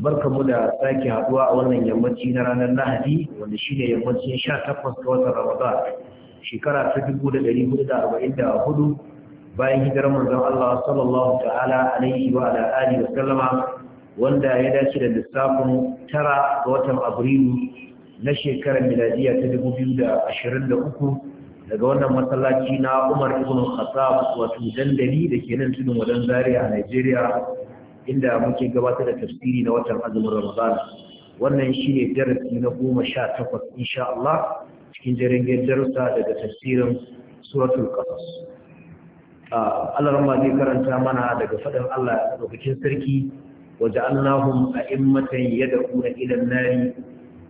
mu da sake haduwa a wannan yammaci na ranar lahadi wanda shi ne yammacin 18 ga watan ramadan shekara ta 1444 bayan hijirar manzon Allah sallallahu ta'ala alaihi wa ala alihi wa sallama wanda ya dace da lissafin tara ga watan abrilu na shekarar miladiya ta 2023 daga wannan masallaci na Umar ibn Khattab wato dandali da ke nan tudun wadan Zaria a Najeriya inda muke gabatar da tafsiri na watan azumin Ramadan wannan shine darasi na 18 insha Allah cikin jerengen darussa daga tafsirin suratul qasas Allah ramma zai karanta mana daga fadin Allah a lokacin sarki waja'alnahum a'immatan yad'una ila an-nari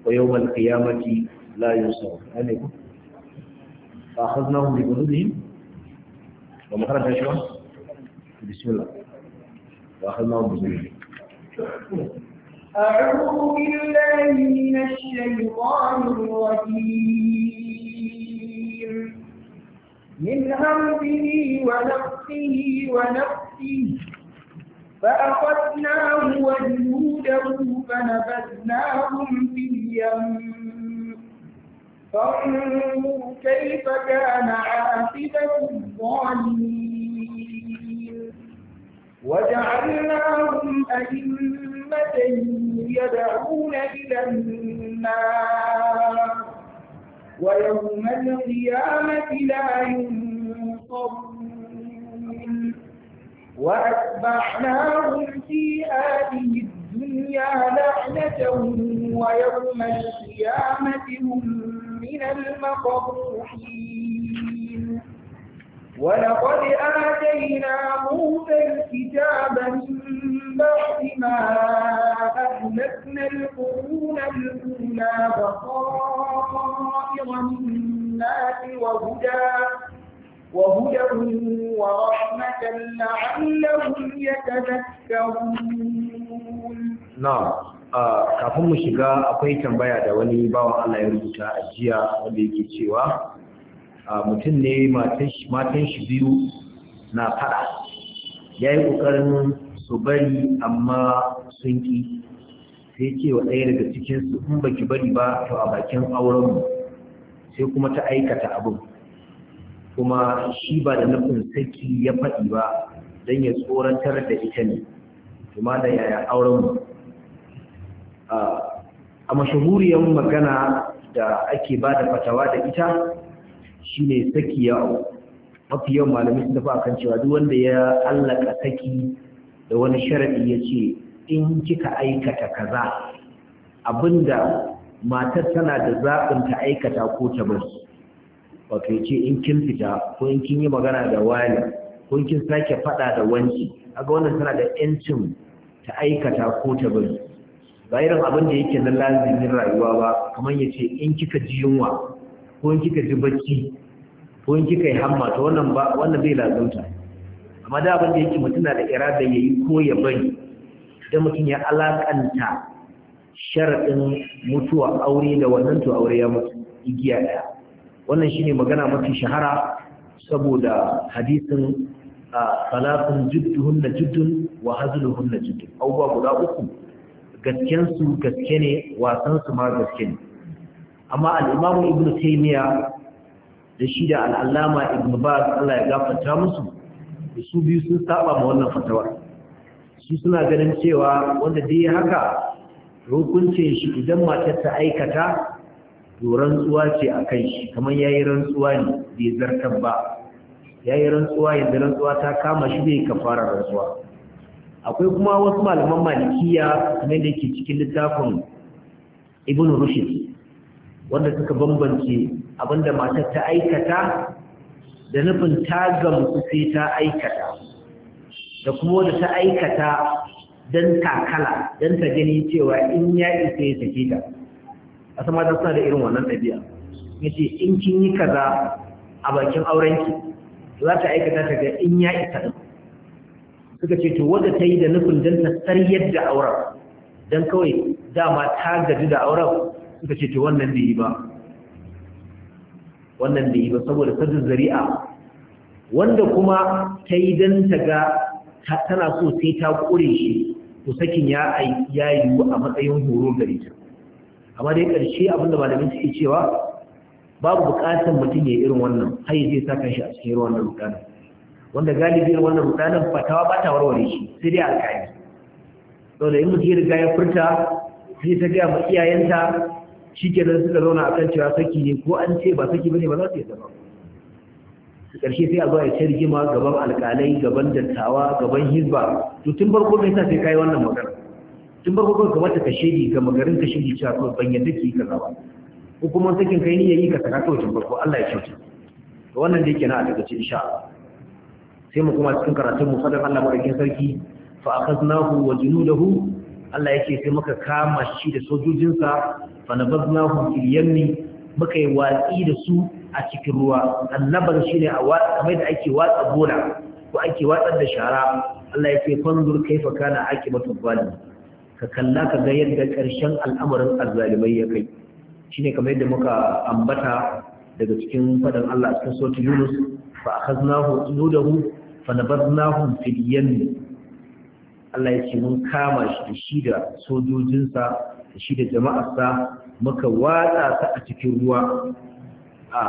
wa yawm al-qiyamati la yusawun alaikum fa akhadnahum bi dhunubihim wa ma karanta shi bismillah وأخذناهم بظلم أعوذ بالله من الشيطان الرجيم من همزه ونفسه ونفسه فأخذناه وجنوده فنبذناهم في اليم فانظر كيف كان عاقبة الظالمين وجعلناهم أئمة يدعون إلى النار ويوم القيامة لا ينصرون وأتبعناهم في هذه الدنيا لعنة ويوم القيامة هم من المقبوحين ولقد آتينا موسى الكتاب من بعد ما أهلكنا القرون الأولى بصائر للناس وهدى وهدى ورحمة لعلهم يتذكرون نعم kafin mu shiga akwai tambaya da wani bawan Allah ya rubuta a jiya wanda yake cewa mutum ne matan shi biyu na fada ya yi ƙoƙarin su bari amma sun ƙi sai ce wa ɗaya daga cikinsu in ba ki bari ba to a bakin aurenmu sai kuma ta aikata abin kuma shi ba da nufin saki ya faɗi ba don ya tsoratar da ita ne kuma da yaya aurenmu a mashahuriyar magana da ake ba da fatawa da ita shine saki ya mafi yawan malamai sun tafi kan cewa duk wanda ya allaka saki da wani sharadi ya ce in kika aikata kaza abinda matar tana da zaɓin ta aikata ko ta bari wato ya ce in kin fita ko in kin yi magana da wani ko in kin sake faɗa da wanci ga wannan tana da yancin ta aikata ko ta bari ba irin abin da yake na lazimin rayuwa ba kamar ya ce in kika ji yunwa ko in kika ji bacci ko in kika yi hamma to wannan ba wannan bai lazumta amma da abin da yake mutum na da irada yayi ko ya bari idan mutum ya alakanta sharaɗin mutuwa aure da wannan to aure ya mutu igiya daya wannan shine magana mafi shahara saboda hadisin salatun jidduhunna jiddun wa hazluhunna jiddun abubuwa guda uku gaskensu gaske ne wasansu ma gaske ne amma al'imamu ibn taimiyya da shi da al'allama ibn ba Allah ya gafata musu da su biyu sun saba ma wannan fatawar. Shi suna ganin cewa wanda dai ya haka hukuncin shi idan matar ta aikata to rantsuwa ce a kai shi kamar yayi rantsuwa ne bai zartar ba yayi rantsuwa yadda rantsuwa ta kama shi bai kafara rantsuwa akwai kuma wasu malaman malikiya kamar da ke cikin littafin ibn rushd wanda suka bambance abinda matar ta aikata da nufin ta gamsu sai ta aikata da kuma wanda ta aikata don takala don ta gani cewa in ya isa ya tafi ta a sama ta suna da irin wannan ɗabi'a ya ce in kin yi kaza a bakin aurenki za ta aikata ta ga in ya isa ɗin suka ce to wanda ta yi da nufin don ta saryar da auren don kawai dama ta gaji da auren suka ce to wannan bai yi ba wannan bai yi ba saboda sadin zari'a wanda kuma ta yi don ta ga tana so sai ta kure shi to sakin ya yiwu a matsayin horo gare ta amma dai ƙarshe abinda malamin suke cewa babu buƙatar mutum ya irin wannan har zai sa shi a cikin irin wannan rudanin wanda galibi irin wannan rudanin fatawa ba ta warware shi sai dai alƙali saboda in mutum ya riga ya furta sai ta gaya ma iyayenta shi nan suka zauna a kan cewa saki ne ko an ce ba saki bane ba za su yi zama su ƙarshe sai a zuwa ya ce rigima gaban alƙalai gaban dattawa gaban hizba to tun farko mai sa sai kayi wannan magana tun farko kawai kamata ka shaidi, ga magarin ka shaidi, cewa kuma ban yadda ki kaza ba ko kuma sakin kai ne yi ka saka kawai tun farko Allah ya kyauta to wannan dai kenan a daga cikin insha Allah sai mu kuma cikin karatun mu sadar Allah madaukakin sarki fa akhadnahu wa junudahu Allah ya yake sai muka kama shi da sojojinsa na fil yammi muka yi watsi da su a cikin ruwa annabar shine a watsa kamar da ake watsa bola ko ake watsar da shara Allah yake fanzur kaifa kana aqibatu zalim ka kalla ka ga yadda karshen al'amarin azzalimai ya kai shine kamar yadda muka ambata daga cikin fadan Allah a cikin suratul Yunus fa akhadnahu junudahu fanabadnahum fil yammi Allah ya ce mun kama shi da shi da sojojinsa da shi da jama'arsa muka watsa su a cikin ruwa a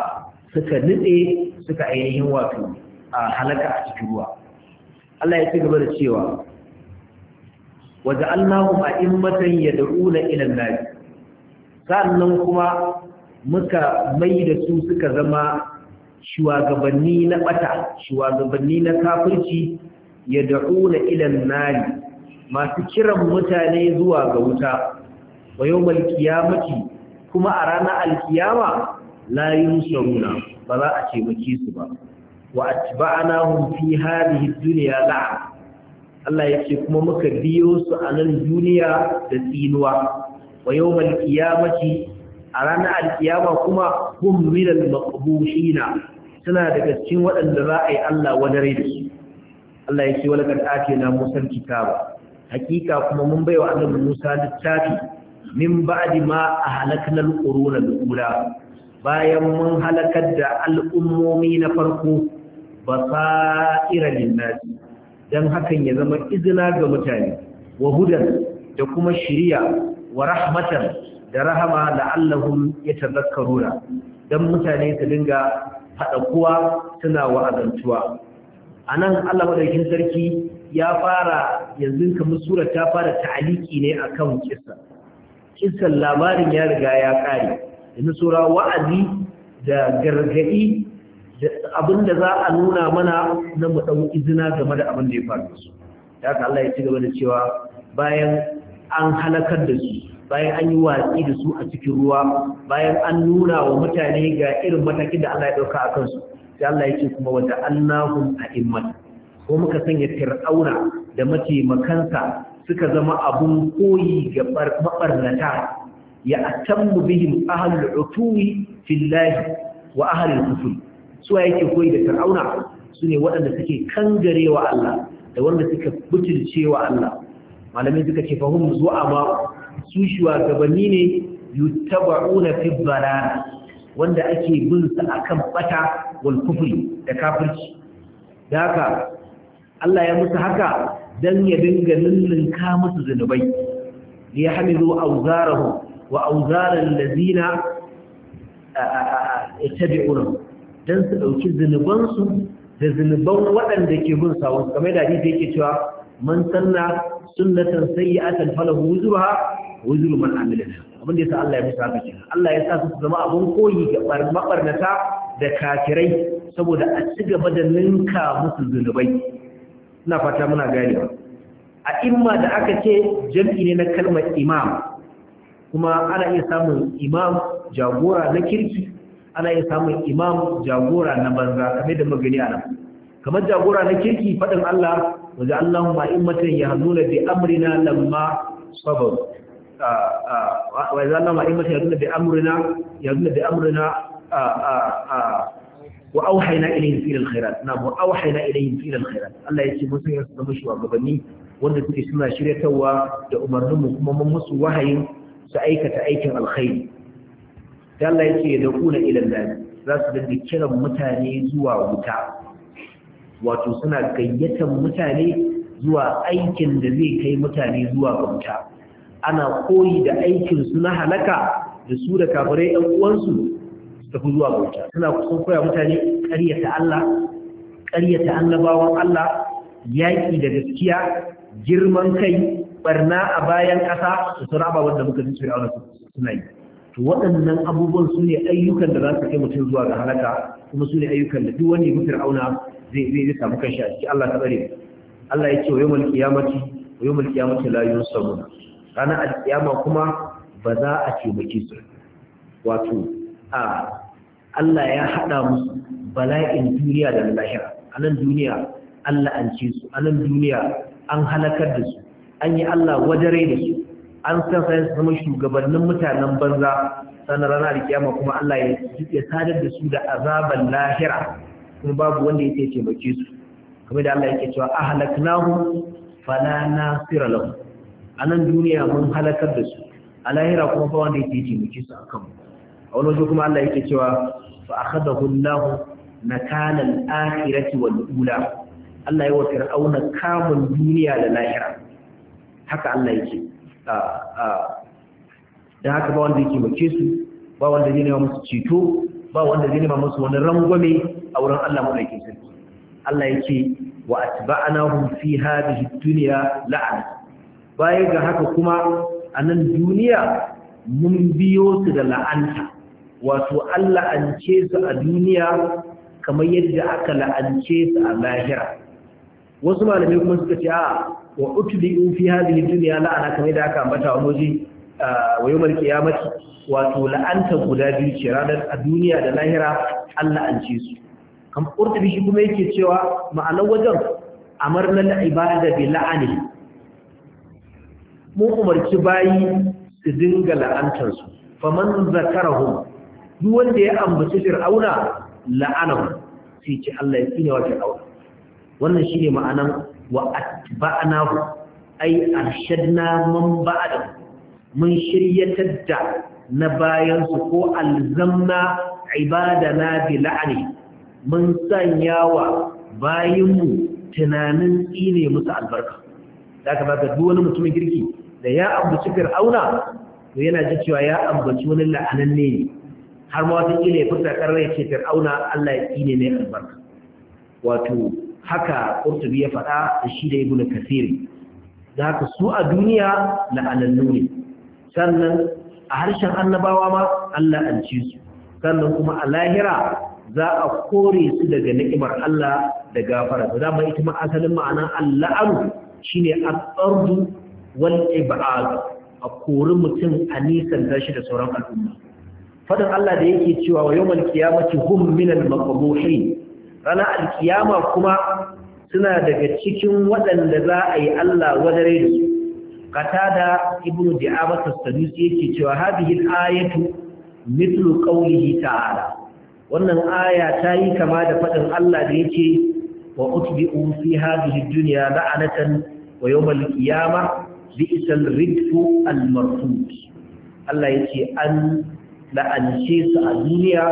suka nutse suka ainihin wato a halaka a cikin ruwa Allah ya ci gaba da cewa waje allahu a matan ya da'una ilan nari sa'annan kuma muka mai da su suka zama shugabanni na bata shugabanni na kafirci Ya da'u na ilan nari masu kiran mutane zuwa ga wuta wa yawmal qiyamati kuma a ranar alkiyama la yunsaruna ba za a taimake su ba wa atba'nahum fi hadhihi ad-dunya la'a Allah ce kuma muka biyo su a nan duniya da tsinuwa wa yawmal qiyamati a ranar alkiyama kuma hum milal makabushina maqbushina suna daga cikin waɗanda za a yi Allah wadare da su Allah ya ce wala kad atina Musa kitaba hakika kuma mun baiwa annabi Musa littafi min ba'di ma ahlakna al-quruna al-ula bayan mun halakar da al'ummomi na farko basaira lin-nas dan hakan ya zama izina ga mutane wa hudan da kuma shiriya wa rahmatan da rahama la'allahum yatadhakkaruna dan mutane su dinga haɗa kuwa suna wa'azantuwa a nan allah madaukin sarki ya fara yanzu kamar sura ta fara ta'aliki ne a kan kisa kisan labarin ya riga ya kare yanzu sura wa'azi da gargaɗi da abin da za a nuna mana na mu ɗau izina game da abin da ya faru su da haka allah ya ci gaba da cewa bayan an halakar da su bayan an yi watsi da su a cikin ruwa bayan an nuna wa mutane ga irin matakin da allah ya ɗauka a kansu sai Allah yake kuma wa a imman ko muka sanya fir'auna da mataimakansa suka zama abun koyi ga mabarnata ya atammu bihim ahlul utuwi fillahi wa ahlul kufri su yake koyi da fir'auna sune waɗanda suke kangarewa Allah da wanda suka wa Allah malamai suka ce fahim zuwa ma su shugabanni ne yuttaba'una fi balala wanda ake bin sa akan bata wal kufri da kafirci da haka Allah ya musu haka dan ya dinga lullunka musu zunubai li yahmilu awzarahu wa awzara allazina ittabi'una dan su dauki su da zunuban waɗanda ke bin sa wasu kamar da yake cewa man sanna sunnatan sayyi'atan falahu wuzruha wuzru man amilha abin da yasa Allah ya musu haka kenan Allah ya sa su zama abun koyi ga mabarnata da kafirai saboda a ci gaba da ninka musu zunubai ina fata muna ganewa a imma da aka ce jam'i ne na kalmar imam kuma ana iya samun imam jagora na kirki ana iya samun imam jagora na banza kamar da magani a kamar jagora na kirki faɗin Allah waje allah ma'immatan ya nuna bi amrina lamma sabar waje Allahun ya nuna bi ya nuna bi amrina wa auhaina ilayhim fi alkhairat na mu auhaina Allah musu zama shugabanni wanda suke suna shiryatarwa da umarnin mu kuma mun musu wahayin su aikata aikin alkhairi da Allah yake da kuna ila Allah za su dinga kiran mutane zuwa wuta wato suna gayyatar mutane zuwa aikin da zai kai mutane zuwa bauta ana koyi da aikin su na halaka da su da kafirai ɗan uwansu su tafi zuwa bauta suna kusan koya mutane ƙaryata Allah ƙaryata annabawan Allah yaƙi da gaskiya girman kai barna a bayan ƙasa da sauran ababen da muka ji suna yi to waɗannan abubuwan su ne ayyukan da za su kai mutum zuwa ga halaka kuma su ne ayyukan da duk wani bi fir'auna zai zai samu kanshi a cikin Allah ta bare Allah ya ce wa yawmal qiyamati wa yawmal qiyamati la yunsarun ranar alkiyama kuma ba za a baki su wato a Allah ya hada musu bala'in duniya da lahira a nan duniya Allah an ce su a nan duniya an halakar da su an yi Allah wadare da su an san sai su zama shugabannin mutanen banza sannan rana da kiyama kuma Allah ya ya sadar da su da azaban lahira kuma babu wanda yake taimake su kamar da Allah yake cewa ahlaknahu fala nasira lahum anan duniya mun halakar da su a lahira kuma ba wanda yake taimake su akan mu a wani waje kuma Allah yake cewa fa akhadahu Allah nakala al-akhirati wal ula Allah ya wa fir'auna kamun duniya da lahira haka Allah yake da haka ba wanda yake mace su ba wanda zai nema musu ceto ba wanda zai nema musu wani rangwame a wurin Allah madaukakin sarki Allah yake wa atba'nahum fi hadhihi dunya la'an baya ga haka kuma a nan duniya mun biyo su da la'anta wato Allah an ce su a duniya kamar yadda aka la'ance su a lahira wasu malamai kuma suka ce a wa utbi in fi hadhihi dunya la'ana kamar da aka ambata a muji wa yawmal qiyamati wato la'anta guda biyu ce ranar a duniya da lahira Allah an ce su kan qurtubi shi kuma yake cewa ma'anar wajen amarna al-ibada bi la'ani mu umarci bayi su dinga la'antar su faman zakarahum duk wanda ya ambaci fir'auna la'anahu sai ce Allah ya tsine wa fir'auna wannan shine ma'anar wa atba'nahu ay arshadna man ba'da mun shiryatar da na bayan su ko alzamna ibadana bi la'ani mun sanya wa bayinmu tunanin tsine musu albarka da ka baka duk wani mutumin girki da ya ambaci fir'auna to yana ji cewa ya ambaci wani la'ananne ne har ma wata kila ya fita karra ce fir'auna Allah ya tsine ne albarka wato haka qurtubi ya faɗa da shi da ibnu kasiri da haka su a duniya la'anannu ne sannan a harshen annabawa ma Allah an ci su sannan kuma a lahira za a kore su daga ni'imar Allah da gafara da dama ita ma asalin ma'ana al'anu shine at-tardu wal ib'ad a kori mutum a nisan tashi da sauran al'umma fadin Allah da yake cewa wa yawan qiyamati hum min al-maqbuhin ranar alkiyama kuma suna daga cikin waɗanda za a yi Allah wadare da su qatada ibnu di'abat as yake cewa hadhihi ayatu Mitl'u qawlihi ta'ala wannan aya ta yi kama da faɗin Allah da yake wa utbi'u fi hadhihi ad-dunya la'anatan wa yawm al-qiyamah bi'sal ridfu al Allah yake an la'ance su a duniya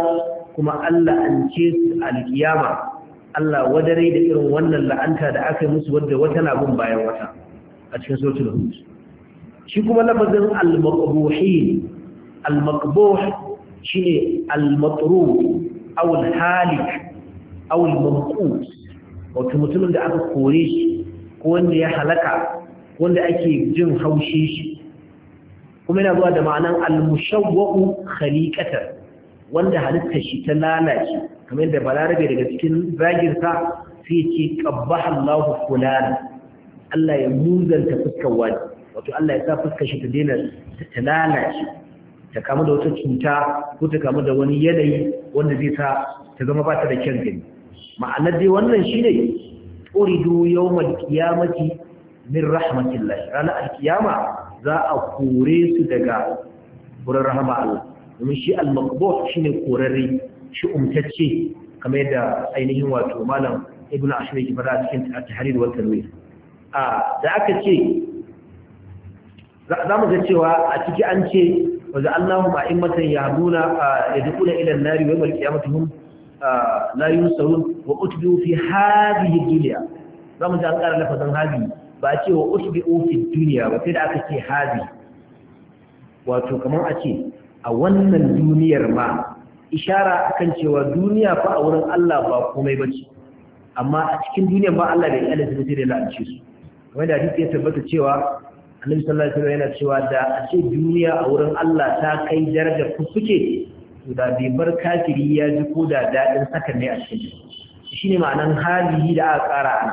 kuma Allah an ce su alkiyama Allah wadare da irin wannan la'anta da aka yi musu wadda wata na bin bayan wata a cikin sautin hud shi kuma lafazin al-maqbuhi al-maqbuh shine al-matrub aw al-halik aw al-manqus wato mutumin da aka kore shi ko wanda ya halaka wanda ake jin haushi shi kuma yana zuwa da ma'anan al khaliqatan wanda halitta shi ta lalace kamar da balarabe daga cikin zaginsa sai ce qabbaha Allahu fulana Allah ya muzanta fuskar wani wato Allah ya sa fuskar shi ta daina ta lalace ta kamu da wata cuta ko ta kamu da wani yanayi wanda zai sa ta zama ba ta da kyan gani ma'ana dai wannan shine uridu yawmal qiyamati min rahmatillah ranar alkiyama za a kore su daga wurin rahama Allah domin shi al-maqbuh shine korarre shi umtacce kamar yadda ainihin wato malam ibn ashir yake fara cikin tahrir wa tanwir a da aka ce za mu ga cewa a ciki an ce wa ja'alnahu ma'immatan yahduna yadkhuluna ila an-nari wa yawmal qiyamati hum la yunsarun wa utbi'u fi hadhihi ad-dunya za mu ji an ƙara lafazin hadhihi ba ce wa utbi'u fi ad-dunya ba sai da aka ce hadhihi wato kamar a ce a wannan duniyar ma ishara akan cewa duniya fa a wurin Allah ba komai bace amma a cikin duniya ba Allah bai kyale su sai da la'anci su kamar da hadisi ya tabbata cewa Annabi sallallahu alaihi wasallam yana cewa da a ce duniya a wurin Allah ta kai darajar kusuke to da bai bar kafiri ya ji ko da dadin saka ne a cikin shine ma'anan halihi da aka kara ana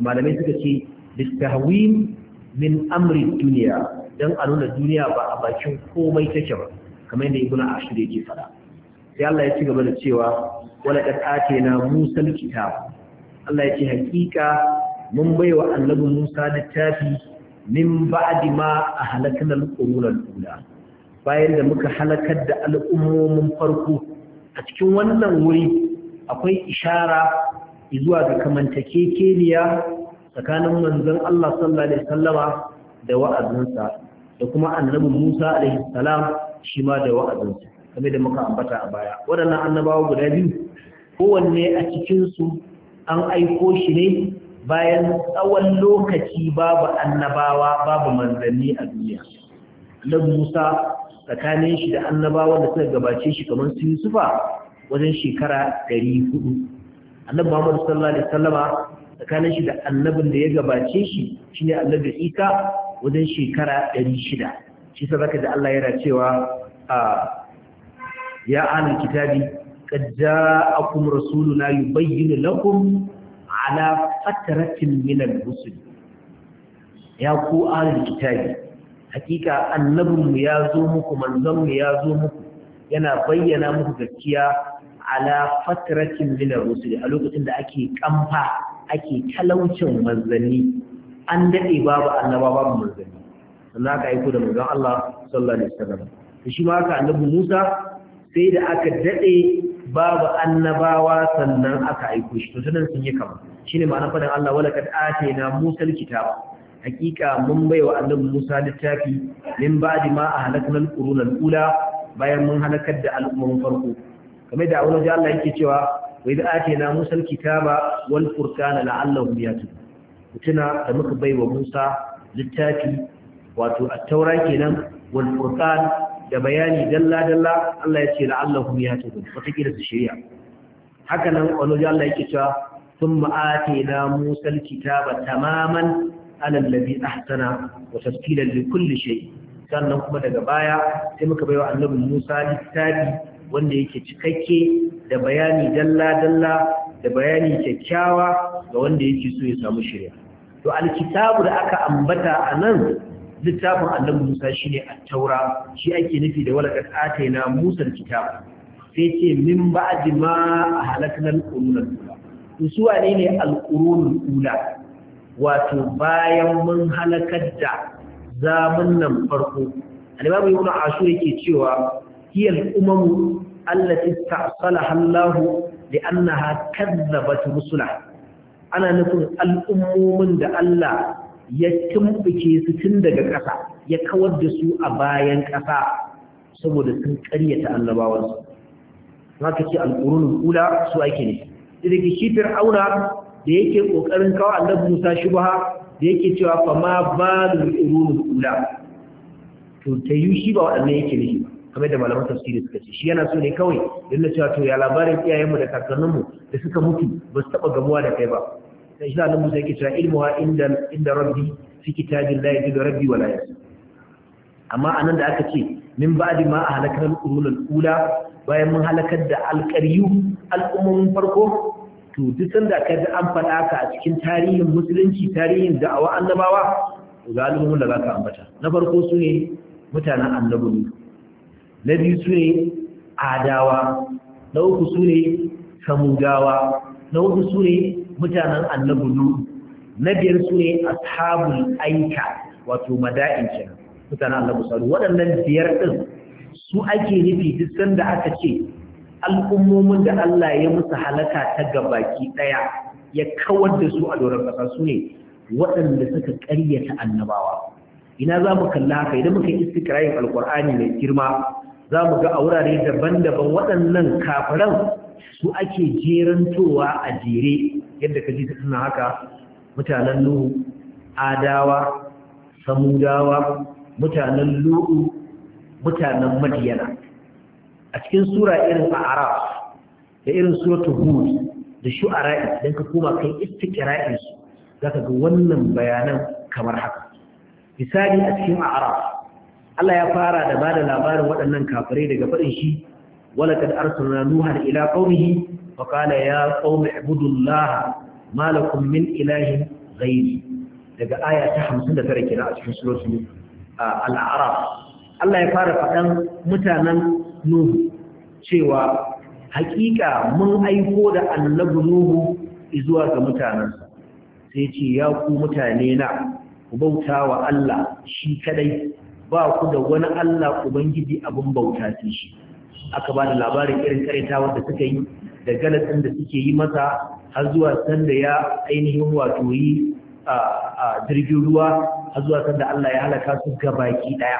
malamai suka ce bistahwim min amri duniya dan a nuna duniya ba a bakin komai take ba kamar yadda ibnu ashur yake fada sai Allah ya ci gaba da cewa wala qad na musa kitab Allah ya ce hakika mun baiwa annabi Musa littafi min ba'di ma ahlakna al-qurun al-ula bayan da muka halakar da al'ummomin farko a cikin wannan wuri akwai ishara zuwa ga kamantakekeniya tsakanin manzon Allah sallallahu alaihi wasallama da wa'azinsa da kuma annabi Musa alaihi salam shi ma da wa'azinsa game da muka ambata a baya waɗannan annabawa guda biyu kowanne a cikinsu an aiko shi ne bayan tsawon lokaci babu annabawa babu manzanni a duniya annabi musa tsakanin shi da annabawa da suka gabace shi kamar su yusufa wajen shekara 400 annabi muhammadu sallallahu alaihi wasallama tsakanin shi da annabin da ya gabace shi shine annabi isa wajen shekara shida. shi sa zaka ji Allah yana cewa ya ahlul kitabi qad akum rasuluna yubayyinu lakum ala fatratin min al-rusul ya ku ahlul kitabi hakika annabinmu ya zo muku manzanmu ya zo muku yana bayyana muku gaskiya ala fatratin min a lokacin da ake kamfa ake talaucin manzanni an dade babu annaba babu manzanni sannan aka aiko da manzon Allah sallallahu alaihi wasallam to shi ma haka annabi Musa sai da aka dade babu annabawa sannan aka aiko shi to sanan sun yi kama shine ma'anar fadan Allah wala kad atayna Musa alkitaba hakika mun baiwa annabi Musa littafi min ba'di ma ahlakna alqurun alula bayan mun halakar da al'umman farko kamar da Allah ya yake cewa wa idza atayna Musa alkitaba wal furqana la'allahum yahtadun mutuna da muka baiwa Musa littafi wato at-taura kenan wal furqan da bayani dalla dalla Allah ya ce la'allahum yahtadun wataƙila su shirya haka nan wani Allah yake cewa thumma atina musa al-kitaba tamaman ala alladhi ahsana wa tafsilan li kulli shay sannan kuma daga baya sai muka baiwa annabi Musa littafi wanda yake cikakke da bayani dalla dalla da bayani kyakkyawa ga wanda yake so ya samu shirya to alkitabu da aka ambata a nan. littafin Allah Musa shi ne a taura shi ake nufi da walakar ataina Musa al sai ce min ba'di ma ahlakna al-qurun al-ula su ne al-qurun wato bayan mun halakar da zamun nan farko al-imam ibn ashur yake cewa hiya Allah umam allati ta'salaha Allah li'annaha kadzabat rusula ana nufin al'ummomin da Allah ya tumbuke su tun daga ƙasa ya kawar da su a bayan ƙasa saboda sun ƙaryata annabawansu ka ce alƙurunul kula su ake ne da shi fir'auna da yake ƙoƙarin kawo annabi Musa shubha da yake cewa fa ma da qurunul kula to ta yi shi ba waɗannan yake ne kamar da malaman tafsiri suka ce shi yana so ne kawai yana cewa to ya labarin iyayenmu da kakanninmu da suka mutu ba su taɓa gamuwa da kai ba da shi da Musa yake cewa ilmuha inda inda rabbi fi kitabillahi yadda rabbi wala yas amma anan da aka ce min ba'di ma ahlakal qurun al-ula bayan mun halakar da alƙaryu al'ummomin farko to duk sanda ka ji an faɗa ka a cikin tarihin musulunci tarihin da'awa annabawa galibin da za ka ambata na farko su ne mutanen annabawa na biyu su ne adawa na uku su ne samudawa na uku su ne mutanen annabu nuhu na biyar su ne ashabul aika wato mada'in kenan mutanen annabu salu waɗannan biyar ɗin su ake nufi duk sanda aka ce al'ummomin da Allah ya musu halaka ta gabaki ɗaya, ya kawar da su a doron ƙasa su ne waɗanda suka ƙaryata annabawa ina za mu kalla haka idan muka yi istikirayin alƙur'ani mai girma za mu ga a wurare daban-daban waɗannan kafiran su ake jerantowa a jere yadda ka ji suna haka mutanen nuhu adawa samudawa mutanen lu'u mutanen madiyana a cikin sura irin araf da irin suratul hud da shu'ara idan ka koma kai istiqra'in su zaka ga wannan bayanan kamar haka misali a cikin araf Allah ya fara da bada labarin waɗannan kafirai daga faɗin shi walaqad arsalna nuha ila qaumihi faƙala ya ƙaumi abudullah malakun min ilahin gairi daga aya ta hamsin da tara kenan a cikin surotu al'araf Allah ya fara faɗan mutanen nuhu cewa haƙiƙa mun aiko da annabi nuhu zuwa ga mutanensa sai ce ya ku mutane na ku bauta wa Allah shi kadai ba ku da wani Allah ubangiji abin bauta shi aka ba da labarin irin kareta wanda suka yi da galatin da suke yi masa har zuwa sanda ya ainihin wato yi a jirgin ruwa har zuwa sanda Allah ya halaka su baki daya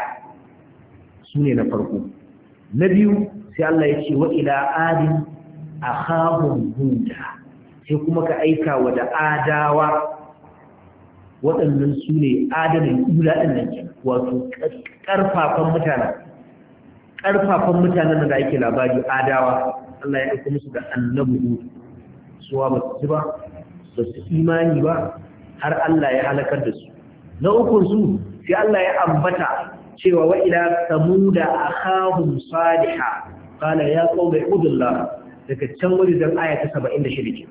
su ne na farko na biyu sai Allah ya ce wa ila adin akhahum huda sai kuma ka aika wa da adawa waɗannan su ne adanin ula ɗin nan wato ƙarfafan mutanen ƙarfafan mutanen da ake labari adawa Allah ya aika musu da annabi Hud suwa ba su ba ba su imani ba har Allah ya halakar da su na ukun su sai Allah ya ambata cewa wa ila samuda akhahum saliha qala ya qawmi ibudullah daga can wuri dan aya ta 76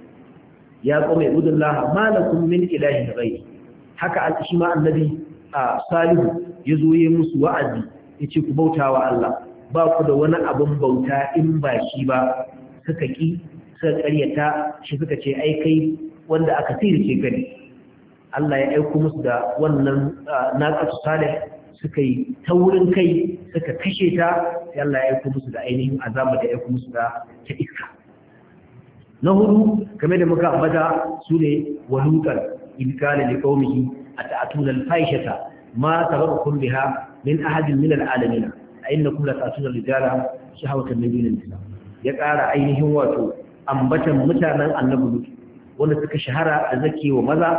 ya qawmi ibudullah ma lakum min ilahin ghayri haka al-shima annabi salihu yazo yi musu wa'azi yace ku bautawa Allah ba ku da wani abin bauta in ba shi ba suka ƙi suka ƙaryata shi suka ce ai kai wanda aka sirce gani Allah ya aiko musu da wannan naqatu salih suka yi taurin kai suka kashe ta sai Allah ya aiko musu da ainihin azaba da ya aiko musu da ta iska na hudu kamar da muka ambata su ne walutar ilkala li qaumihi ata'tuna al-faishata ma sababakum biha min ahadin min al innakum la ta'tuna rijala shahawatan min dunil nisa ya ƙara ainihin wato ambatan mutanen annabi lut wanda suka shahara da zake wa maza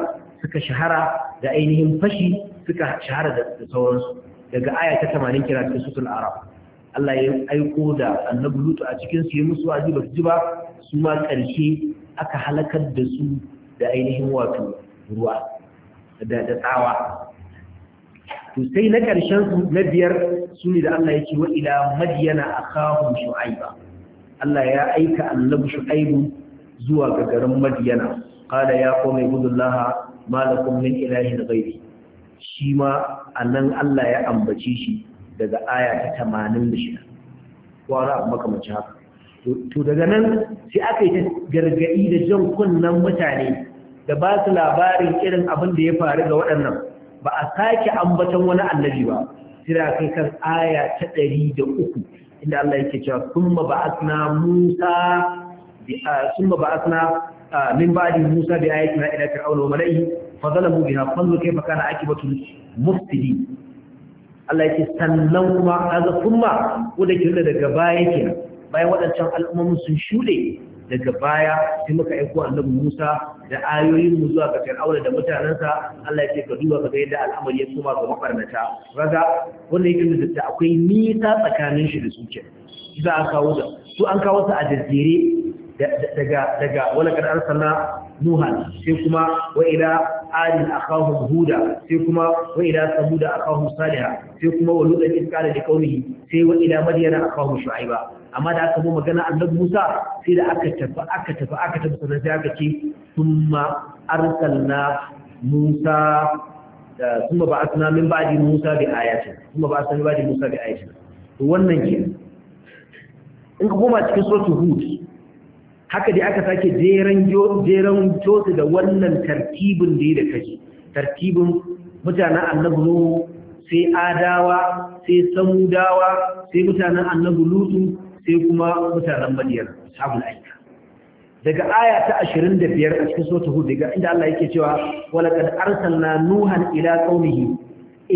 suka shahara da ainihin fashi suka shahara da sauransu daga aya ta tamanin kira cikin suratul araf Allah ya aiko da annabi lutu a cikin su yi musu wa'azi ba su ji ba su ma ƙarshe aka halakar da su da ainihin wato ruwa da tsawa to sai na karshen su na biyar su ne da Allah yake wa ila madiyana akahum shu'aiba Allah ya aika annabi shu'aibu zuwa ga garin madiyana qala ya qawmi ibudullaha ma lakum min ilahin ghairi shi ma nan Allah ya ambace shi daga aya ta 86 ko ra makamancin haka to daga nan sai aka yi gargadi da jan kunnen mutane da ba su labarin irin abin da ya faru ga waɗannan ba a sake ambatan wani annabi ba sira kai kan aya ta ɗari da uku inda Allah yake cewa summa ba'athna Musa bi summa ba'athna min ba'di Musa bi ayatina ila fir'auna wa mala'ihi fa zalamu biha fanzu kayfa kana akibatul mufsidin Allah yake sannan kuma kaga summa ko da kirda daga baya kenan bayan waɗancan al'ummomin sun shuɗe daga baya sai muka aiko annabi Musa da ayoyin mu zuwa ga Fir'auna da mutanansa Allah ya ce ka duba ka ga yadda al'amari ya koma ga mafarnata raga wanda yake da akwai nisa tsakanin shi da su ke za a kawo da su an kawo su a jazire daga daga wala kad arsalna nuha sai kuma wa ila adin akahum huda sai kuma wa ila samuda akahum salih sai kuma wa lutan iskala da kaunihi sai wa ila madyana akahum shu'aiba amma da aka mu magana annabi Musa sai da aka tafi aka tafi aka tafi sanan sai aka ce sun thumma arsalna Musa thumma ba'athna min ba'di Musa bi ayatin thumma ba'athna min ba'di Musa bi ayatin to wannan kenan in ka koma cikin suratul hud haka dai aka sake jeran jeran da wannan tartibin da ya da kaji tartibin mutanen annabi nuhu sai adawa sai samudawa sai mutanen annabi lutu sai kuma mutanen madiyar sabul aika daga aya ta 25 a cikin sura hud daga inda Allah yake cewa walaqad arsalna nuhan ila qaumihi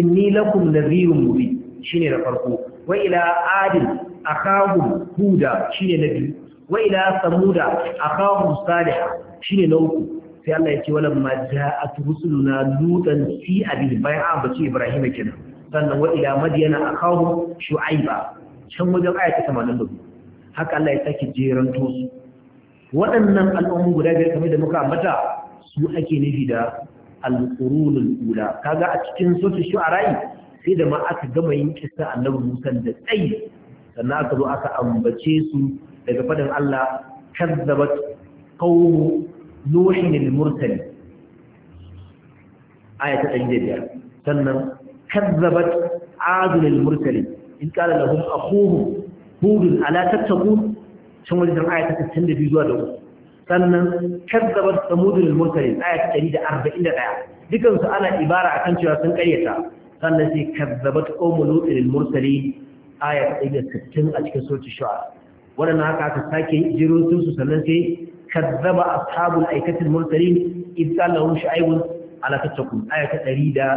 inni lakum nadhirun mubin shine da farko wa ila adin akahum huda shine na biyu wa ila samuda akahum salih shine na uku sai Allah ya ce wala ma ja'at rusuluna lutan fi abil bai'a bace ibrahim kenan sannan wa ila madyana akahum shu'aiba can wajen ayata 82 haka Allah ya saki jeran to su waɗannan al'ummu guda biyar kamar da muka ambata su ake nufi da al-qurunul ula kaga a cikin sura shu'ara sai da ma aka gama yin a annabi Musa da tsayi sannan aka zo aka ambace su daga fadin Allah kazzabat qaumu nuhin al-mursal aya ta 105 sannan kazzabat adul al-mursal in qala lahum akhuhum hud ala tattaqun sun wajen aya ta biyu zuwa da sannan kazzabat samud al ɗari da arba'in da ɗaya. su ana ibara a kan cewa sun ƙaryata sannan sai kazzabat qaumu lut al-mursal ɗari da 160 a cikin suratul shawara. waɗanda haka aka sake jiro sun su sannan sai kazzaba ashabul aikatul mursalin idza lahum shu'aybun ala tatakun ayata shida.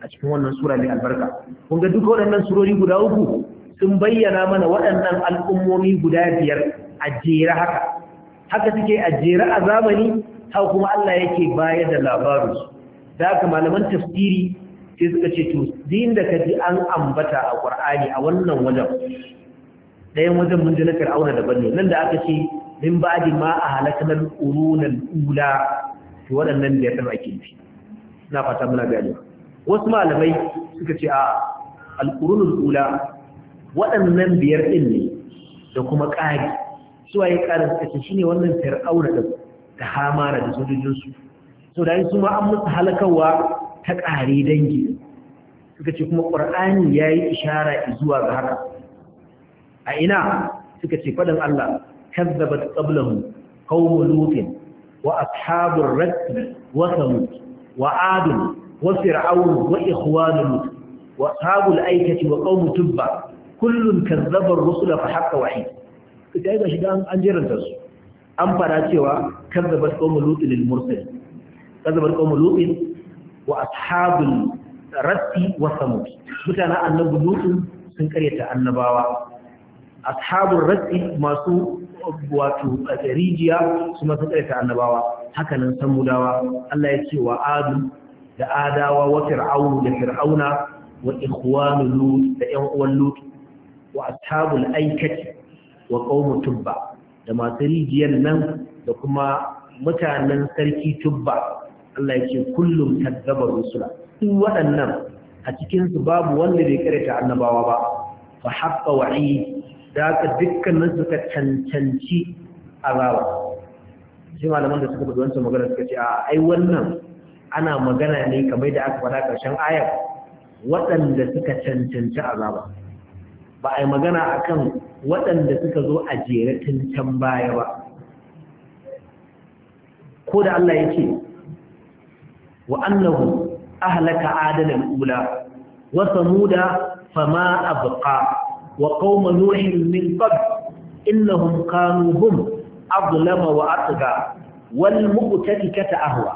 a cikin wannan sura mai albarka kun ga duka waɗannan surori guda uku sun bayyana mana waɗannan al'ummomi guda biyar a jera haka haka suke a jera a zamani ta kuma Allah yake bayar da labarin da haka malaman tafsiri sai suka ce to din da ji an ambata a Ƙur'ani a wannan wajen ɗayan wajen mun ji na fir'auna daban ne nan da aka ce min ba'di ma a halakanar urunan ula to waɗannan da ya ake nufi na fata muna gane wasu malamai suka ce a al'urunul ula waɗannan biyar ɗin ne da kuma ƙari suwa ya ƙarin suka ce shine wannan fir'auna da da hamara da sojojinsu so da su ma an musu halakawa ta ƙari dangi suka ce kuma ƙur'ani ya yi ishara zuwa ga haka a ina suka ce faɗin Allah kazzabat qablahum qawmu lutin wa ashabur radd wa samud wa ad wa fir'aun wa ikhwan lut wa ashabul aikati wa qawmu tubba kullun kazzaba ar-rusula fa haqqa wahid kace ai shi, dan an jiranta su an fara cewa kazzabat qawmu lutin lil mursalin kazzabat qawmu lutin wa ashabul radd wa samud mutanen annabi lutin sun karyata annabawa ashabun ratsi masu wato rijiya su masu annabawa hakanan samudawa Allah ya ce wa adu da adawa wa fir'aunu da fir'auna wa ikhwanu lut da ƴan uwan lut wa ashabul aikati wa qaumu tubba da masu rijiyar nan da kuma mutanen sarki tubba Allah ya ce kullum kadzaba rusula duk waɗannan a cikin su babu wanda bai karanta annabawa ba fa haqqa wai. da aka dukkanin suka cancanci rawa shi malaman da suka fi wancan magana suka ce a ai wannan ana magana ne kamar da aka faɗa karshen ayar waɗanda suka cancanci rawa ba a yi magana akan waɗanda suka zo a jere tun can baya ba ko da Allah ya ce wa annahu ahlaka adana ula wa samuda fama abqa وقوم نوح من قبل إنهم كانوا هم أظلم وأطغى والمؤتفكة أهوى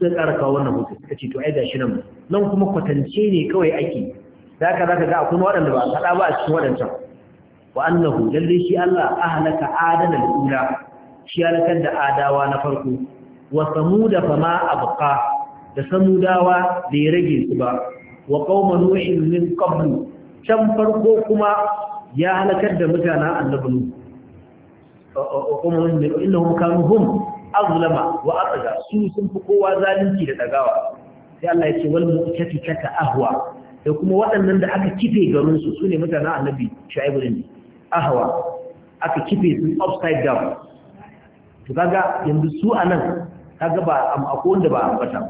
sun ƙarfa wannan hutu suka ce to ai gashi nan nan kuma kwatance ne kawai ake za ka za ka ga akwai waɗanda ba a faɗa ba a cikin waɗancan wa annahu lalle shi Allah halaka adana da ula shi halakar da adawa na farko wa samuda fama abqa da samudawa da ya rage su ba wa qauma nuhin min qablu can farko kuma ya halakar da mutana annabulu kuma kanu hum azlama wa atga su sun fi kowa zalunci da dagawa sai Allah ya ce wal mu'tafikata ahwa da kuma waɗannan da aka kife garin su sune mutanen annabi shu'aibu din ahwa aka kife su upside down to kaga yanzu su anan kaga ba am akwai wanda ba ambata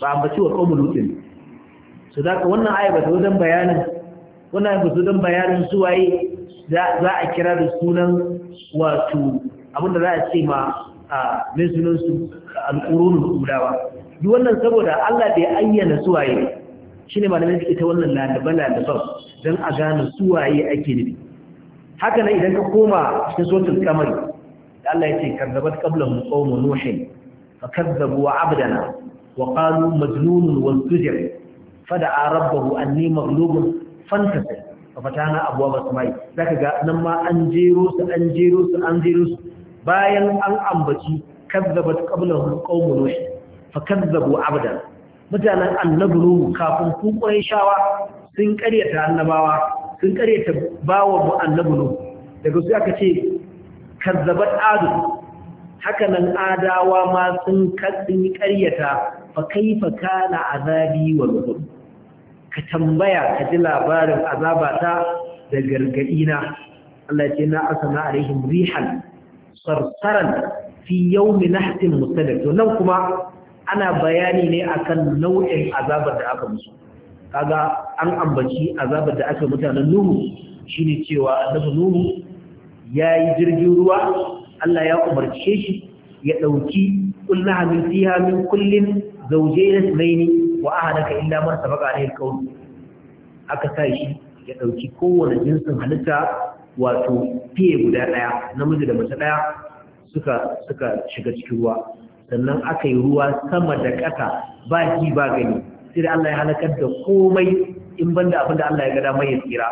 ba ambaci wa qaumul lutin so zaka wannan aya ba ta wajen bayanin wannan ba don bayanin suwaye za a kira da sunan wato abinda za a ce ma a min sunansu al'urunin kudawa duk wannan saboda Allah da ya ayyana suwaye shi ne malamai suke wannan lalaba-lalaban don a gane suwaye ake nufi haka nan idan ka koma cikin sotul kamar. da Allah ya ce karzabat qablan qawmun nuhin fa kazzabu abdana wa qalu majnunun wa tujir fada'a rabbahu anni maghlubun fantasy fa fatana abwa Za zaka ga nan ma an jero su an jero su an jero su bayan an ambaci kazzabat qablahum qaumun nuh fa kazzabu abdan mutanen ruhu kafin ku shawa sun karyata annabawa sun karyata bawa mu ruhu daga su aka ce kazzabat adu haka nan adawa ma sun kaddin karyata fa kaifa kana azabi wa nuzur ka tambaya ka ji labarin azabata da gargadina Allah ce na asana alaihim rihan sarsaran fi yawmi nahtin musadad to nan kuma ana bayani ne akan nau'in azabar da aka musu kaga an ambaci azabar da aka mutanen nuhu shine cewa annabi nuhu yayi jirgin ruwa Allah ya umarce shi ya dauki قل نعم فيها من كل زوجين اثنين وأهلك الا من سبق عليه القول يا دوكي كون جنسن حلتا wato fiye guda ɗaya namiji da mata ɗaya suka سكا shiga cikin ruwa sannan aka ruwa sama da ƙasa ba ji ba gani sai da Allah ya halakar da komai in banda abin da Allah ya gada mai ya tsira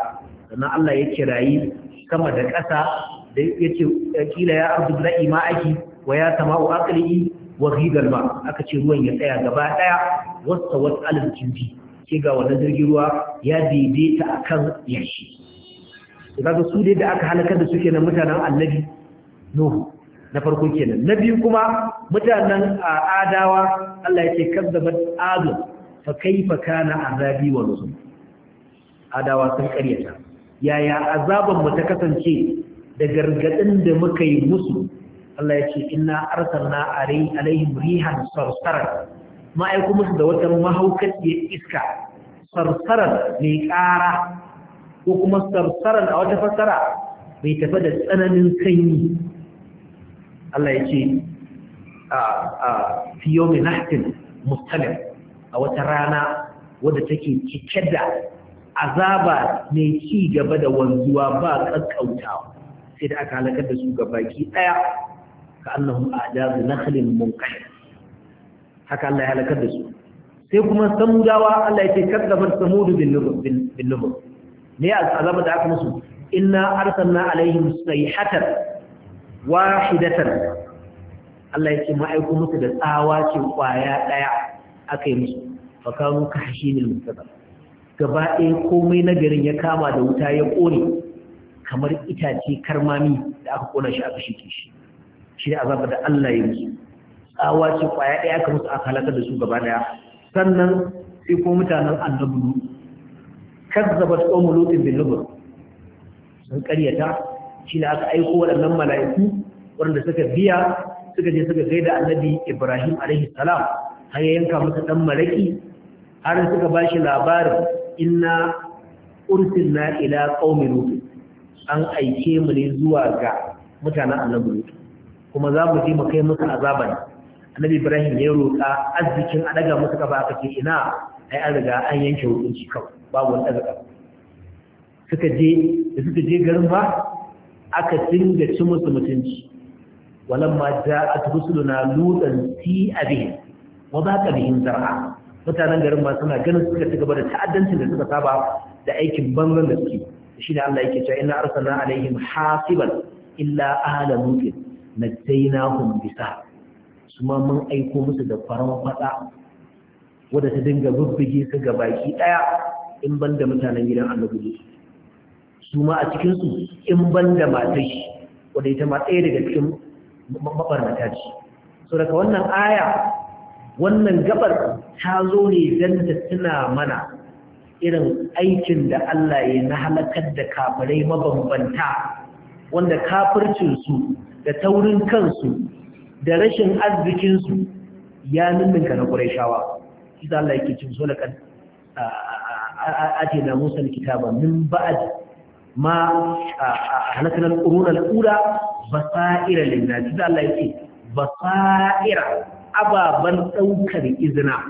sannan Allah ya kirayi sama da kasa da ya ce kila ya arzu bila ima'aki wa ya sama'u aqli wa ma aka ce ruwan ya tsaya gaba ɗaya. wasta wat alal bi ke ga wannan jirgin ruwa ya daidaita akan yashi kaga su dai da aka halakar da suke nan mutanen annabi nuhu na farko kenan na biyu kuma mutanen adawa Allah ya ce kazzabat adu fa kaifa kana azabi wa rusul adawa sun karyata yaya azaban mu ta kasance da gargadin da muka yi musu Allah ya ce inna arsalna alaihim rihan sarsara ma'aiku musu da wata mahaukaciyar iska sarsarar mai ƙara ko kuma sarsarar a wata fasara mai tafi da tsananin sanyi Allah ya ce a fiyomi nahtin a wata rana wadda take cike da azaba mai ci gaba da wanzuwa ba ƙaƙƙautawa sai da aka halakar da su gabaki ɗaya ka'annahum ajazu nakhlin munqadir haka Allah ya halakar da su sai kuma samudawa Allah ya ce kadzabat samudu bin nubur bin nubur ne azaba da aka masu inna arsalna alaihim sayhatan wahidatan Allah ya ce ma'aiku musu da tsawa ce kwaya ɗaya. aka yi musu fakanu ka hashinil mutaba gaba ɗaya komai na garin ya kama da wuta ya ƙone, kamar itace karmami da aka ƙona shi aka shike shi shi ne azaba da Allah ya musu tsawa ce kwaya ɗaya aka musu aka halakar da su gaba ɗaya sannan sai ko mutanen kan zaba su qawmu mulutin bin nubur sun ƙaryata shi ne aka aiko waɗannan mala'iku waɗanda suka biya suka je suka gaida annabi Ibrahim alaihi salam har ya yanka masa ɗan maraƙi har suka ba shi labarin inna ursilna ila qaumi lut an aike mu ne zuwa ga mutanen annabi lut kuma za mu je mu kai musu azaban annabi ibrahim ya roƙa arzikin a daga musu kafa aka ce ina ai an riga an yanke hukunci kawai babu wani daga suka je da suka je garin ba aka dinga ci musu mutunci walamma ja'at rusuluna lutan fi abihim wa baqa bihim zar'a mutanen garin ma suna ganin suka ci gaba da ta'addancin da suka saba da aikin banzan da suke shi ne Allah yake cewa inna arsalna alaihim hasiban illa ahla lutin na dainahum bisa su ma mun aiko musu da faran fada wadda ta dinga bubbuge su ga baki daya in ban da mutanen gidan annabi su ma a cikin su in ban da matar shi wadda ita ma ɗaya daga cikin mabarnata ce so daga wannan aya wannan gabar ta zo ne dan ta tuna mana irin aikin da Allah ya na halakar da kafirai mabambanta wanda kafircin su da taurin kansu da rashin arzikinsu ya ninninka na ƙuraishawa shi za Allah yake cin so laƙar ake na musa kitaba min ba'ad ma a halakanar ƙurunar ƙura sa'ira lina shi za Allah yake sa'ira ababen ɗaukar izina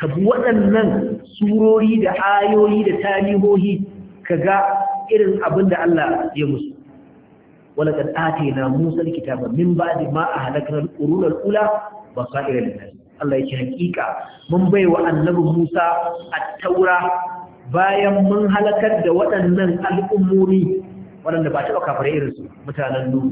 ka bi waɗannan surori da ayoyi da tarihohi ka ga irin abin da Allah ya musu ولقد آتينا موسى الكتاب من بعد ما أهلكنا القرون الأولى بصائر للناس الله يجي حقيقة من بيوا النبي موسى التوراة bayan mun halakar da waɗannan al'ummomi waɗanda ba taɓa kafare irinsu mutanen nuhu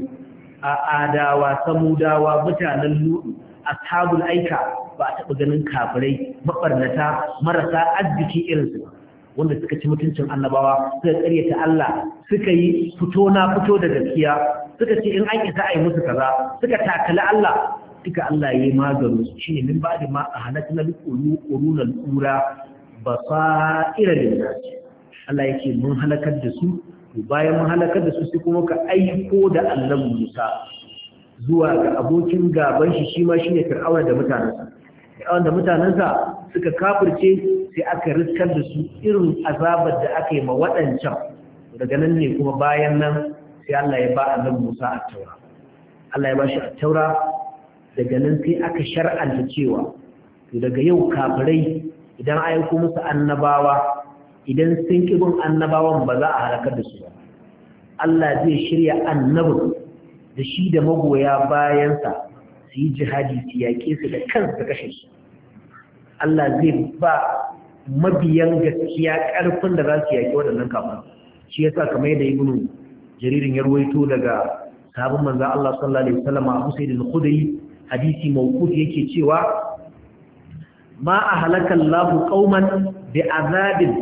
a adawa samudawa mutanen nuhu ashabul aika ba a taɓa ganin kafirai maɓarnata marasa arziki irinsu ba wanda suka ci mutuncin annabawa suka karyata Allah suka yi fito na fito da gaskiya suka ce in an isa a yi musu kaza suka takali Allah duka Allah ya yi maganin su ne min ba da ma a halakna alqulu quruna alura basaira ce. Allah yake mun halakar da su bayan mun halakar da su sai kuma ka aiko da Allah Musa zuwa ga abokin gaban shi shi ma ne Fir'auna da mutanensa Fir'auna da mutanensa suka kafirce sai aka riskar da su irin azabar da aka yi ma waɗancan daga nan ne kuma bayan nan sai Allah ya ba annabi Musa a taura Allah ya ba shi a taura daga nan sai aka shar'anta cewa to daga yau kafirai idan aiko musu annabawa idan sun ki annabawan ba za a halakar da su ba Allah zai shirya annabin da shi da magoya bayansa su yi jihadi su yaƙe su da kansu kashe shi. Allah zai ba mabiyan gaskiya ƙarfin da za su yaƙi waɗannan kafin shi yasa kamar yadda ibnu jaririn ya ruwaito daga sabon manzo Allah sallallahu alaihi wasallam Abu Sa'id al-Khudri hadisi mawquf yake cewa ma ahlaka Allah qauman bi azabin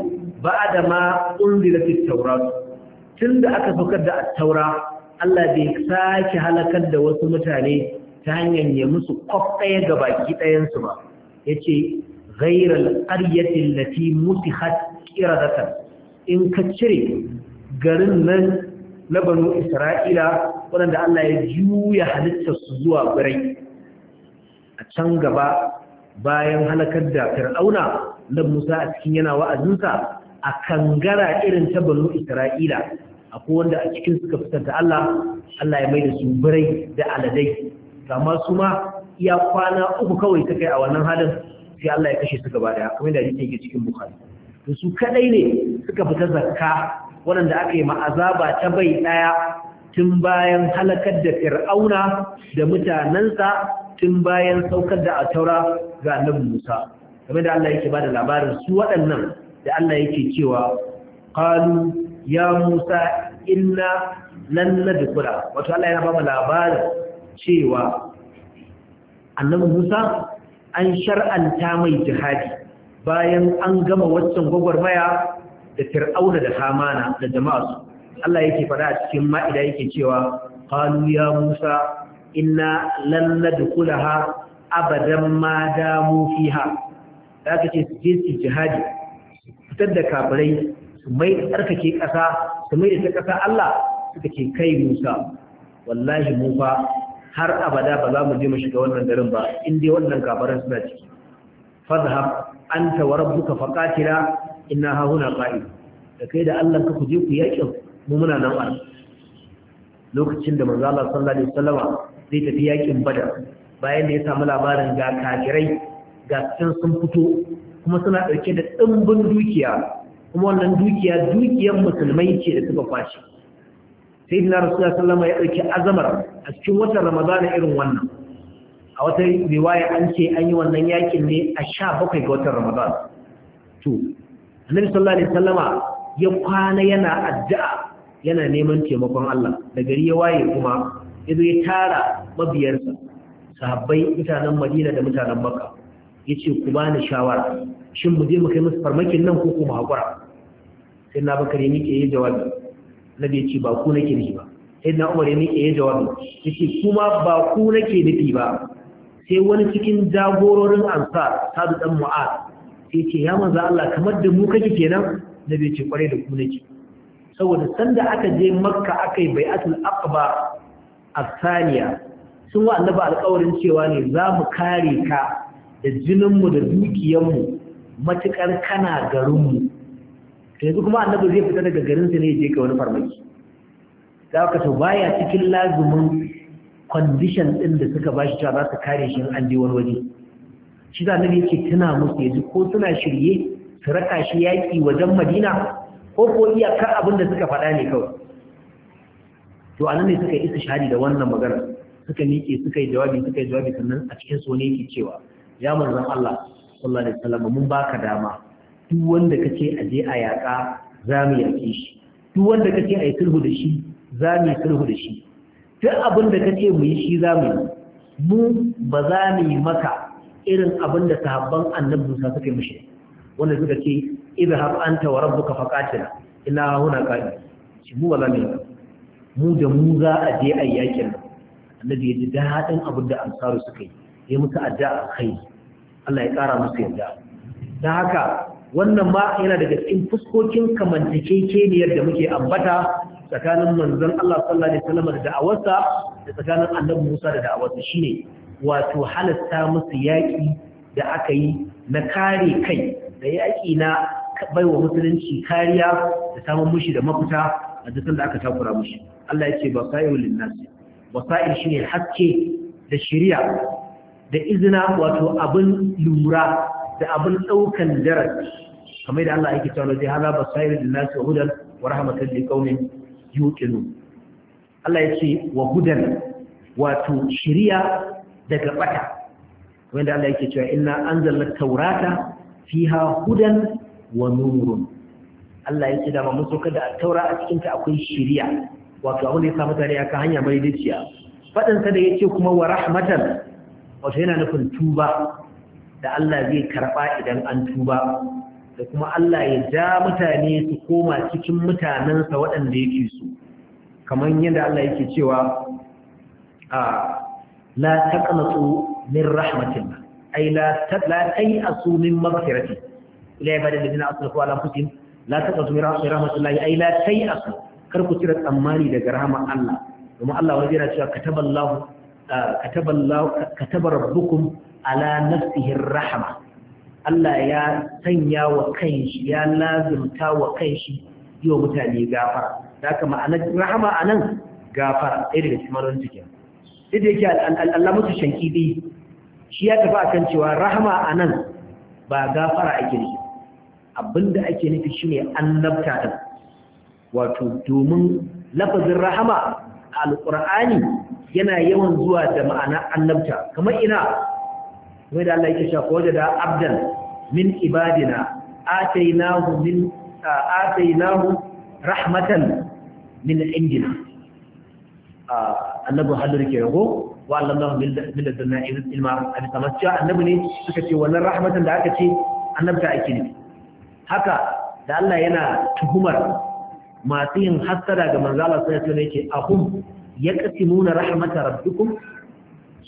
ba'da ma unzilat at-taurat tunda aka saukar da at-taura Allah bai sake halakar da wasu mutane ta hanyar ya musu kwaf ɗaya ga baki ɗayansu ba yace غير القرية التي in ka cire garin nan na banu isra'ila waɗanda Allah ya juya halittar su zuwa birai a can gaba bayan halakar da fir'auna nan musa a cikin yana wa'azinsa a kangara irin ta banu isra'ila akwai wanda a cikin suka fitar da Allah Allah ya maida su birai da aladai kama su ma iya kwana uku kawai ta kai a wannan halin sai Allah ya kashe su gaba daya kuma da yake yake cikin bukhari to su kadai ne suka fita zakka waɗanda aka yi ma'azaba ta bai daya tun bayan halakar da fir'auna da mutanansa tun bayan saukar da ataura ga annabi Musa kamar da Allah yake bada labarin su waɗannan da Allah yake cewa qalu ya Musa inna lan nadkura wato Allah yana ba mu labarin cewa annabi Musa an shar'anta mai jihadi bayan an gama waccan gwagwarmaya da fir'auna da hamana da jama'arsu Allah yake fara a cikin ma'ida yake cewa qalu ya musa inna lan nadkhulaha abadan ma damu fiha zaka ce su je su jihadi fitar da kafirai su mai tsarkake ƙasa su mai da ta ƙasa Allah suka ce kai musa wallahi mu fa har abada ba za mu je mu shiga wannan garin ba in dai wannan kafaran suna ciki fadhhab anta wa rabbuka faqatila inna hahuna qa'id da kai da Allah ka kuje ku yaƙin, mu muna nan an lokacin da manzo Allah sallallahu alaihi wasallama zai tafi yakin badar bayan da ya samu labarin ga kafirai ga sun sun fito kuma suna dauke da dimbin dukiya kuma wannan dukiya dukiyar musulmai ce da suka kwashi sai dina rasulullah sallama ya ɗauki azamar a cikin watan ramadana irin wannan a wata riwaya an ce an yi wannan yakin ne a sha bakwai ga watan ramadan to annabi sallallahu alaihi sallama ya kwana yana addu'a yana neman taimakon Allah da gari ya waye kuma yazo ya tara mabiyarsa sahabbai mutanen Madina da mutanen Makka yace ku bani shawara shin mu je mu kai musu farmakin nan ko kuma hakura sai na bakare nike yi jawabi nabi ya ce ba ku nake nufi ba sai na umar ya miƙe ya jawabi kuma ba ku nake nufi ba sai wani cikin jagororin ta da dan mu'az sai ce ya manzo Allah kamar da mu kake kenan nabi ya ce kware da ku nake saboda sanda aka je makka aka yi bai'atul aqba asaniya sun wa annabi alƙawarin cewa ne za mu kare ka da jininmu da dukiyanmu matukar kana garinmu ta yanzu kuma annabi zai fita daga garin sa ne ya je ga wani farmaki za ka so baya cikin lazumin condition din da suka bashi cewa za su kare shi an je wani waje shi da annabi yake tuna musu yanzu ko suna shirye su raka shi yaƙi wajen madina ko ko iyakar abin da suka faɗa ne kawai to annabi ne suka yi istishhadi da wannan magana suka miƙe suka yi jawabi suka yi jawabi sannan a cikin su ne yake cewa ya manzon Allah sallallahu alaihi wasallam mun baka dama duk wanda ka ce a je a yaƙa za mu yaƙe shi duk wanda ka ce a yi sulhu da shi za mu yi sulhu da shi duk abin da ka ce mu yi shi za mu yi mu ba za mu yi maka irin abin da sahabban annabi Musa suka yi mishi wanda suka ce idhab anta wa rabbuka faqatila ina huna qadi shi mu ba za mu yi mu da mu za a je a yakin nan annabi ya ji daɗin abin da ansaru suka yi ya musu addu'a alkhairi Allah ya ƙara musu yarda dan haka wannan ma yana daga cikin fuskokin kamantakekeniyar da muke ambata tsakanin manzon Allah sallallahu alaihi wasallam da da'awarsa da tsakanin Annabi Musa da da'awarsa shine wato halasta musu yaki da aka yi na kare kai da yaki na baiwa musulunci kariya da samun mushi da mafita a dukkan da aka takura mushi Allah yake basairul linnas basair shine haske da shari'a da izina wato abin lura da abin ɗaukan darasi kamar da Allah yake cewa zai hada basairul linnas wa hudan wa rahmatan liqaumin yuqinun Allah ce wa hudan wato shiriya daga bata wanda Allah yake cewa inna anzalna taurata fiha hudan wa nurun Allah yake da mun so kada taura a cikin ta akwai shiriya wato abin da ya sa mutane aka hanya mai daciya fadin sa da yake kuma wa rahmatan wato yana nufin tuba da Allah zai karba idan an tuba da kuma Allah ya ja mutane su koma cikin mutanensa waɗanda yake so kamar yadda Allah yake cewa a la taqnatu min rahmatillah ay la la tayasu min maghfirati ila ibadil ladina asrafu ala anfusihim la taqnatu min rahmatillah ay la tayasu kar ku tira tsammani daga rahmar Allah kuma Allah wani yana cewa kataballahu kataballahu kataba rabbukum ala nafsihi rahma Allah ya sanya wa kanshi ya lazumta wa kanshi yi wa mutane gafara da aka ma'anar rahama a nan gafara ɗaya daga cimarin marar sai da yake shanki shankidi shi ya tafi a kan cewa rahama a nan ba gafara ake nufi abinda ake nufi shi an annabta nan wato domin lafazin rahama a alƙur'ani yana yawan zuwa da ma'ana annabta kamar ina kuma da Allah yake cewa da abdan min ibadina atainahu min atainahu rahmatan min indina annabi hadur ke rago wa Allah min ladunna ilma abi tamasya annabi ne suka ce wannan rahmatan da aka ce ta ake ne haka da Allah yana tuhumar masu yin hassada ga manzala sai ya ce ahum yaqsimuna rahmatar rabbikum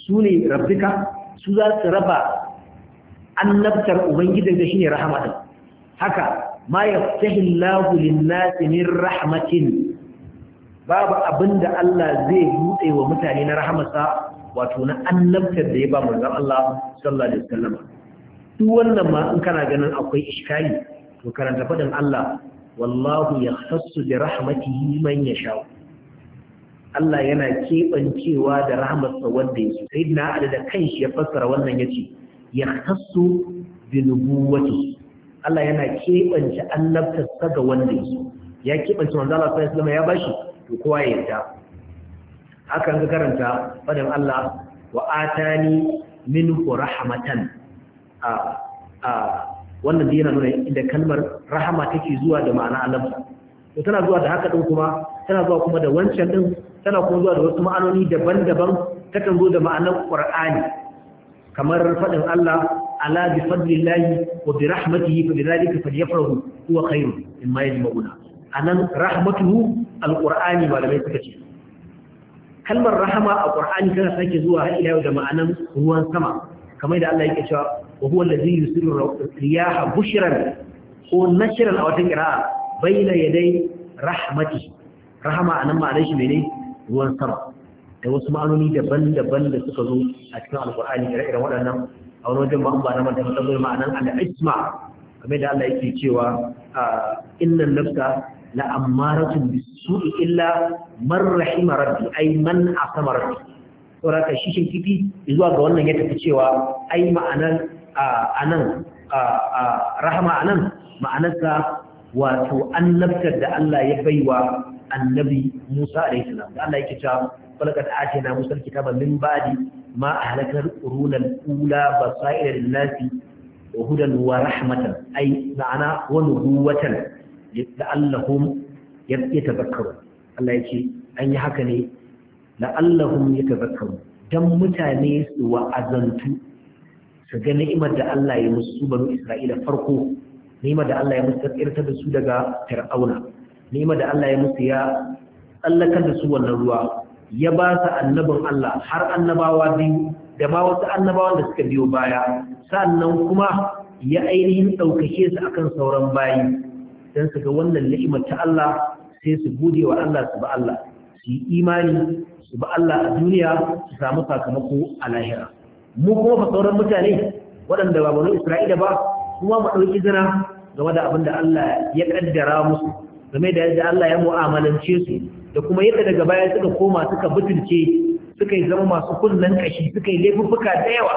sune rabbika su za su raba annabtar ubangijin da shine rahama din haka ma yaftahi Allahu lin-nasi min rahmatin babu abinda Allah zai buɗe wa mutane na rahamarsa wato na annabtar da ya ba manzon Allah sallallahu alaihi wasallam duk wannan ma in kana ganin akwai iskali to karanta faɗin Allah wallahu yahtassu bi rahmatihi man yasha Allah yana keɓancewa da rahmarsa wanda ya so sai na Ali da kanshi ya fassara wannan yace ya tasu bi nubuwati Allah yana keɓance annabtarsa ga wanda ya ya keɓance manzo Allah sai ya bashi to kowa ya yarda haka an karanta fadan Allah wa atani minhu rahmatan a a wannan yana nuna inda kalmar rahama take zuwa da ma'ana annabta to tana zuwa da haka din kuma tana zuwa kuma da wancan din tana kuma zuwa da wasu ma'anoni daban-daban takan zo da ma'anar qur'ani kamar faɗin Allah ala bi fadlillahi wa bi rahmatihi fa bidhalika falyafrahu huwa khairun mimma yajma'una anan rahmatuhu alqur'ani malamai suka ce kalmar rahama a qur'ani tana sake zuwa har ila da ma'anar ruwan sama kamar da Allah yake cewa wa huwa allazi yusiru riyaha bushran ko nashran a watan qira'a bayna yaday rahmatihi rahama a nan ma'anar shi ne ruwan sama da wasu ma'anoni daban-daban da suka zo a cikin alkur'ani ire-iren waɗannan a wani wajen ba'an ba na manta ta zo ma'anar al'isma game da Allah yake cewa ah, innan nafsa la ammaratun bisu'i illa man rahima rabbi ai man asama rabbi saboda ka shi shinkiti zuwa ga wannan ya tafi cewa ai ma'anar anan rahama anan ma'anarsa wato annabtar da Allah ya baiwa annabi Musa alaihi salam da Allah yake cewa falaqad atina Musa alkitaba min ba'di ma ahlakal qurunal ula basaira lin-nasi wa hudan wa rahmatan ay ma'ana wa nubuwatan la'allahum yatadhakkarun Allah yake an yi haka ne la'allahum yatadhakkarun dan mutane su wa'azantu su ga ni'imar da Allah ya musu banu Isra'ila farko ni'imar da Allah ya musu tsirta da su daga Fir'auna nema da Allah ya musu ya tsallakar da su wannan ruwa ya ba su annabin Allah har annabawa biyu da ma wasu annabawan da suka biyo baya sannan kuma ya ainihin ɗaukake su akan sauran bayi don su ga wannan ni'imar ta Allah sai su gode wa Allah su ba Allah su yi imani su ba Allah a duniya su samu sakamako a lahira mu kuma fa sauran mutane waɗanda ba banu Isra'ila ba kuma mu ɗauki zina game da abin da Allah ya ƙaddara musu game da yadda Allah ya mu'amalance su da kuma yadda daga baya suka koma suka butulce suka yi zama masu kullun kashi suka yi laifuffuka da yawa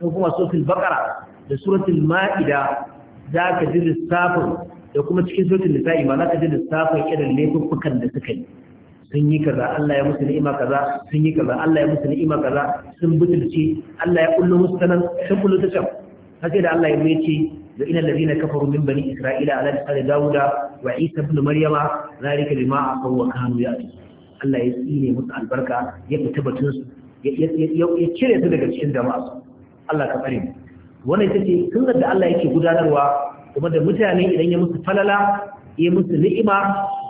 ko kuma suratul baqara da suratul ma'ida za ka ji lissafin da kuma cikin suratul nisa'i ma za ka ji lissafin irin laifuffukan da suka yi sun yi kaza Allah ya musu ni'ima kaza sun yi kaza Allah ya musu ni'ima kaza sun butulce Allah ya kullu musu tanan sun kullu ta can sai da Allah ya ce وإن الذين kafarumin Bani Isra'ila إسرائيل على لسان داود وعيسى بن مريم ذلك لما عصوا وكانوا يأتون Allah ya tsine musu albarka ya fita batun su ya cire su daga cikin jama'a su Allah ka tsare mu wannan ita ce sunnar da Allah yake gudanarwa kuma da mutane idan ya musu falala ya musu ni'ima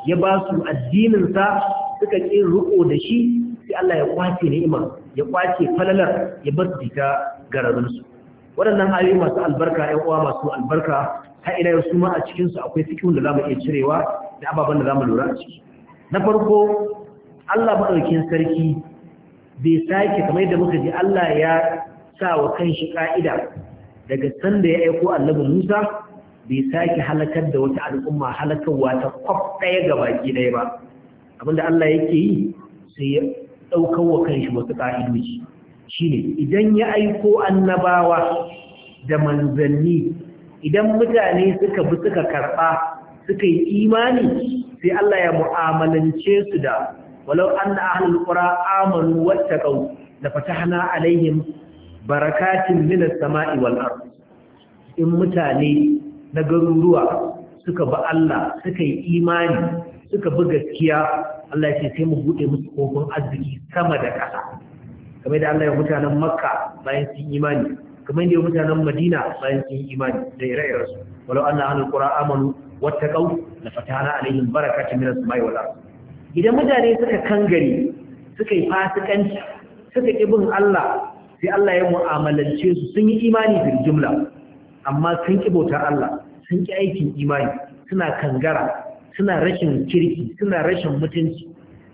ya ba su addinin sa suka ƙi riƙo da shi sai Allah ya kwace ni'ima, ya kwace falalar ya bar su fita gararin su waɗannan ayoyi masu albarka ‘yan uwa masu albarka har suma yau ma a cikinsu akwai cikin da za mu iya cirewa da ababan da za mu lura a ciki na farko Allah maɗaukin sarki bai sake kamar da muka ji Allah ya sa wa kanshi ƙa'ida daga sanda ya aiko annabi Musa bai sake halakar da wata al'umma halakarwa ta kwaf ɗaya ga baki ɗaya ba abinda Allah yake yi sai ya ɗaukar wa kanshi wasu ƙa'idoji shine idan ya aiko annabawa da manzanni idan mutane suka bi suka karɓa suka yi imani sai Allah ya mu'amalance su da walau anna ahlul qura amanu wattaqu la fatahna alaihim barakatin minas sama'i wal ard in mutane na garuruwa suka bi Allah suka yi imani suka bi gaskiya Allah ya ce sai mu bude musu kofin arziki sama da ƙasa kamar da Allah ya mutanen makka bayan sun imani kamar da ya mutanen madina bayan sun imani da ire su, walau an na hannun kura amanu wata kau na alaihim barakatun minas mai wala idan mutane suka kangare suka yi fasikanci suka ƙi bin Allah sai Allah ya mu'amalance su sun yi imani da jumla amma sun ƙi bautar Allah sun ƙi aikin imani suna kangara suna rashin kirki suna rashin mutunci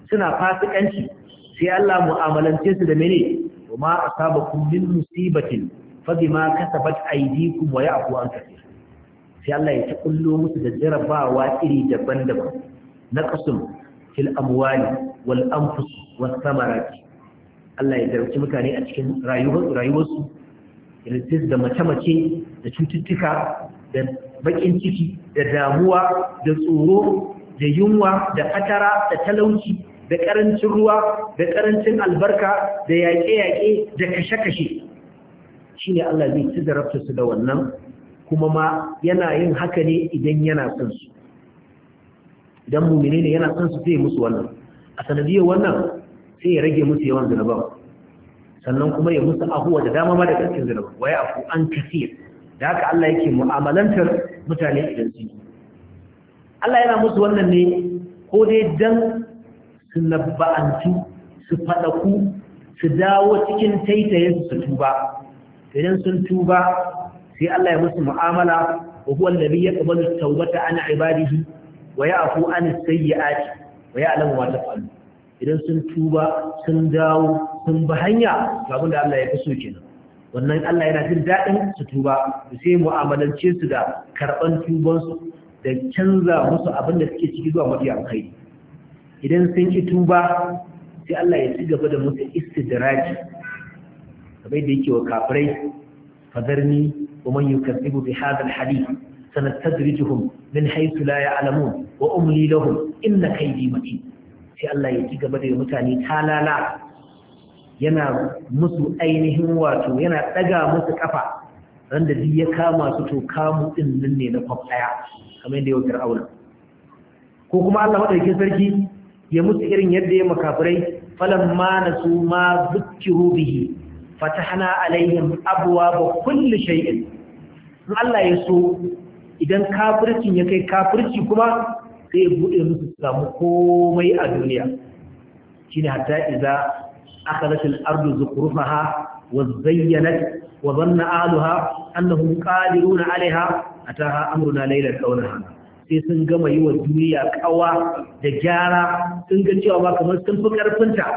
suna fasikanci sai Allah mu'amalance su da mene kuma asabakum min musibatin fa bima kasabat aydikum wa ya'fu an kathir sai Allah ya kullo musu da jarabawa iri daban-daban na qasum fil amwali wal anfus was samarati Allah ya jarabci mutane a cikin rayuwar rayuwarsu irin da mace-mace da cututtuka da bakin ciki da damuwa da tsoro da yunwa da fatara da talauci da ƙarancin ruwa da ƙarancin albarka da yaƙe-yaƙe da kashe-kashe shi ne Allah zai ci zarafta su da wannan kuma ma yana yin haka ne idan yana son su idan mummine ne yana son su musu wannan a sanadiyar wannan sai ya rage musu yawan zunuban sannan kuma ya musu ahuwa da dama ma da ƙarfin zunuban waya afu an kasir da haka Allah yake mu'amalantar mutane idan su Allah yana musu wannan ne ko dai dan su labba'antu su faɗaku su dawo cikin taitayen su tuba idan sun tuba sai Allah ya musu mu'amala wa huwa alladhi yaqbalu tawbata an ibadihi wa ya'fu an sayyi'ati wa ya'lamu ma taf'alu idan sun tuba sun dawo sun bi hanya to abin da Allah ya fi so kenan wannan Allah yana jin daɗin su tuba sai mu'amalance su da karɓan tubansu da canza musu abin da suke ciki zuwa mafi alkhairi idan sun ki tuba sai Allah ya ci gaba da musu istidraji kamar da yake wa kafirai fadarni wa man yukazzibu bi hadha alhadith sanastadrijuhum min haythu la ya'lamun wa umli lahum inna kaydi matin sai Allah ya ci gaba da mutane talala yana musu ainihin wato yana daga musu kafa randa duk ya kama su to kamu din nan ne na kwaf kamar da yau fir'auna ko kuma Allah madaukakin sarki ya musu irin yadda ya makafirai falamma nasu ma zukkiru bihi fatahna alaihim ba kulli shay'in in Allah ya so idan kafircin ya kai kafirci kuma sai ya bude musu samu komai a duniya shine hatta idza akhadat al-ardu zukhrufaha wa zayyanat wa dhanna ahluha annahum qadiruna alaiha ataha amruna laylan aw ha. sai sun gama yi wa duniya kawa da gyara sun ga cewa ba kamar sun fi karfinta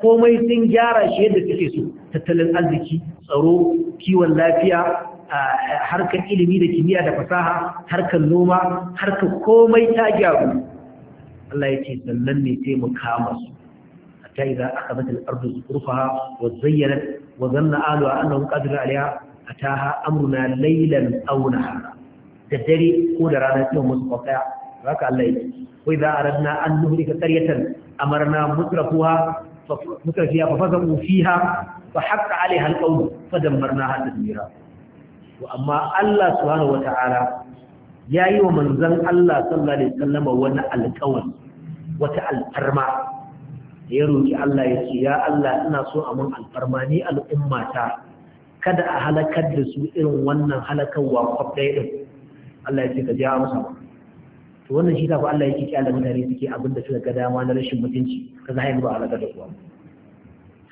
komai sun gyara shi yadda suke so tattalin arziki tsaro kiwon lafiya harkar ilimi da kimiyya da fasaha harkar noma harkar komai ta gyaru Allah ya ce sannan ne sai mu kama su hatta idan aka zata al'ardu zurfaha wa zayyanat wa zanna aluha annahum qadirun alaiha ataha amruna laylan aw nahara da dare ko da rana sai musu kwafaya haka Allah kai wa idza aradna an nuhlika qaryatan amarna mutrafuha mutrafiha fa fazamu fiha fa haqqa alaiha alqawl fa dammarnaha tadmira wa amma Allah subhanahu ya yayi wa manzon Allah sallallahu alaihi wani alqawl wata alfarma ya roki Allah ya ce ya Allah ina so a mun alfarma ni al'ummata kada a halakar da su irin wannan halakarwa kwaf ɗaya ɗin Allah ya ce ka ja masa ba to wannan shi tafi Allah ya yake kyala mutane suke abinda suka ga dama na rashin mutunci ka za a yi ba a da kuwa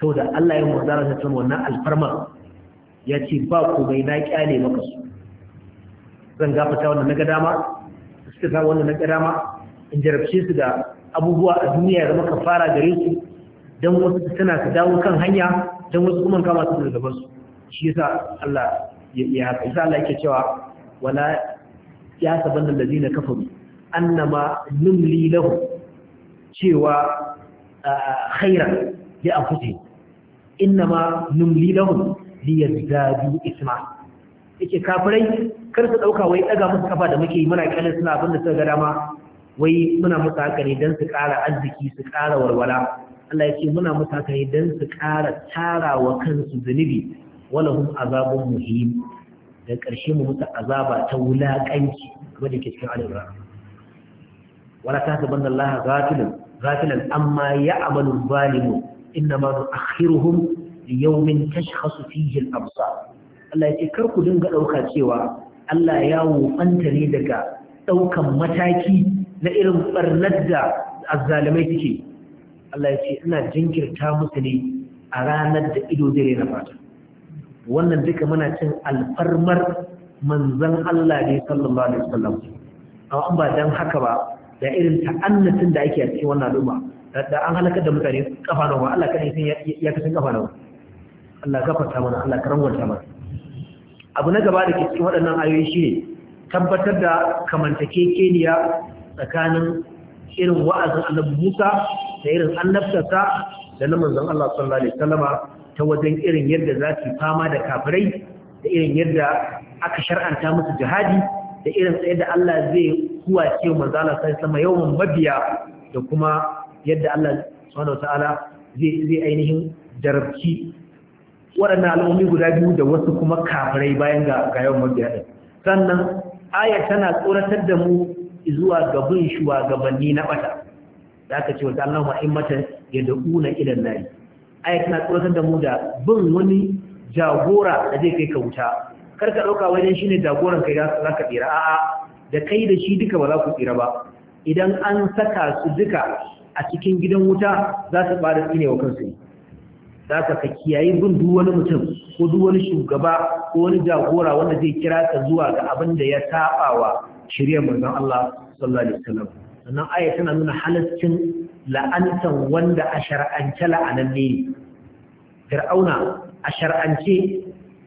saboda Allah ya mordara ta tun wannan alfarma ya ce ba ku bai na kyale maka su zan gafata wannan na ga dama suka ga wannan na ga dama in jarabce su da abubuwa a duniya ya zama kafara gare su don wasu suna su dawo kan hanya don wasu kuma kama su da gaban su shi yasa Allah ya haka yasa Allah yake cewa wala ya saban da lalzina kafaru annama numli lahu cewa khaira ya afuce innama numli lahu liyazdadu isma yake kafirai kar su dauka wai daga musu kafa da muke muna kallon suna abin da suka ga dama wai muna musu haka ne dan su ƙara arziki su ƙara warwala Allah ya ce muna musu haka ne dan su ƙara tarawa kansu zunubi walahum azabun muhim da ƙarshe mu musu azaba ta wulaƙanci kuma da ke cikin al'ura wala ta ta banda Allah ghafilan ghafilan amma ya amalu zalimu inna ma nu'akhiruhum li yawmin tashkhasu fihi al-absar Allah ya ce kar ku dinga dauka cewa Allah ya wufanta ne daga daukan mataki na irin barnar da azzalimai suke Allah ya ce ina jinkirta musu ne a ranar da ido zai rena fata wannan duka muna cin alfarmar manzan Allah ne sallallahu alaihi wasallam amma an ba dan haka ba da irin ta'annatin da ake a cikin wannan al'umma da an halakar da mutane kafa nawa Allah kai sun ya kasan kafa nawa Allah gafarta mana Allah karamwanta mana abu na gaba da ke cikin waɗannan ayoyi shine tabbatar da kamantakekeniya tsakanin irin wa'azin annabi Musa da irin annabtarsa da na manzon Allah sallallahu alaihi wasallama ta wajen irin yadda za su fama da kafirai da irin yadda aka shar'anta musu jihadi da irin tsaye da Allah zai kuwa ce mazala sai sama yawan mabiya da kuma yadda Allah subhanahu wataala zai zai ainihin jarabci waɗannan al'ummi guda biyu da wasu kuma kafirai bayan ga ga yawan mabiya din sannan aya tana tsoratar da mu zuwa ga bin Shuwa gabanni na bata da aka ce wa mata ma'immatan yad'una ila an-nar aya tana tsoratar da mu da bin wani jagora da zai kai ka wuta kar ka ɗauka wajen shine jagoran kai za ka tsira a'a da kai da shi duka ba za ku tsira ba idan an saka su duka a cikin gidan wuta za su ba tsine wa kansu za ka ka kiyaye bin duk wani mutum ko duk wani shugaba ko wani jagora wanda zai kira ka zuwa ga abin da ya saɓa wa shirya manzon Allah sallallahu alaihi wasallam sannan aya tana nuna halascin la'antan wanda a shar'ance la'ananne ne fir'auna a shar'ance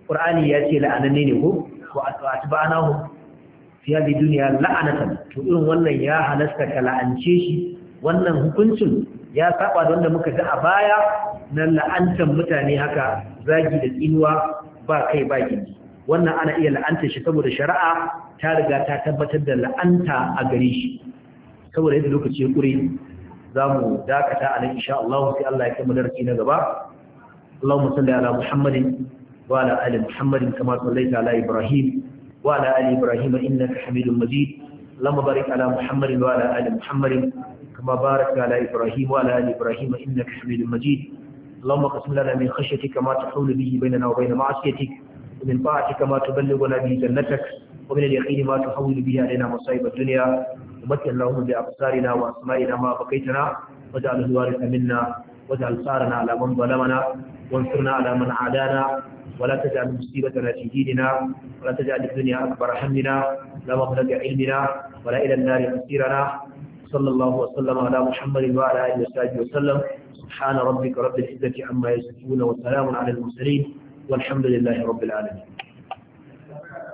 ƙur'ani ya ce la'ananne ne ko wa atba'nahu fi hadhihi duniya la'anatan to irin wannan ya halasta ka la'ance shi wannan hukuncin ya saba da wanda muka ji a baya na la'antan mutane haka zagi da tsinuwa ba kai ba gindi wannan ana iya la'anta shi saboda shari'a ta riga ta tabbatar da la'anta a gare shi saboda yadda lokaci ya kure za mu dakata a nan insha Allah sai Allah ya kai darasi na gaba Allahumma salli ala Muhammadin wa ala ali Muhammadin kama sallaita ala Ibrahim wa ala ali Ibrahim innaka Hamidum Majid Allahumma barik ala Muhammadin wa ala ali Muhammadin kama baraka ala Ibrahim wa ala ali Ibrahim innaka Hamidum Majid اللهم اقسم لنا من خشيتك ما تحول به بيننا وبين معصيتك ومن طاعتك ما تبلغنا به جنتك ومن اليقين ما تحول به علينا مصائب الدنيا ومتع اللهم بأبصارنا وأسمائنا ما بقيتنا واجعل الوارث منا واجعل ثارنا على من ظلمنا وانصرنا على من عادانا ولا تجعل مصيبتنا في ديننا ولا تجعل الدنيا أكبر همنا لا مبلغ علمنا ولا إلى النار مصيرنا صلى الله وسلم على محمد وعلى آله وصحبه وسلم سبحان ربك رب العزة عما يصفون وسلام على المرسلين والحمد لله رب العالمين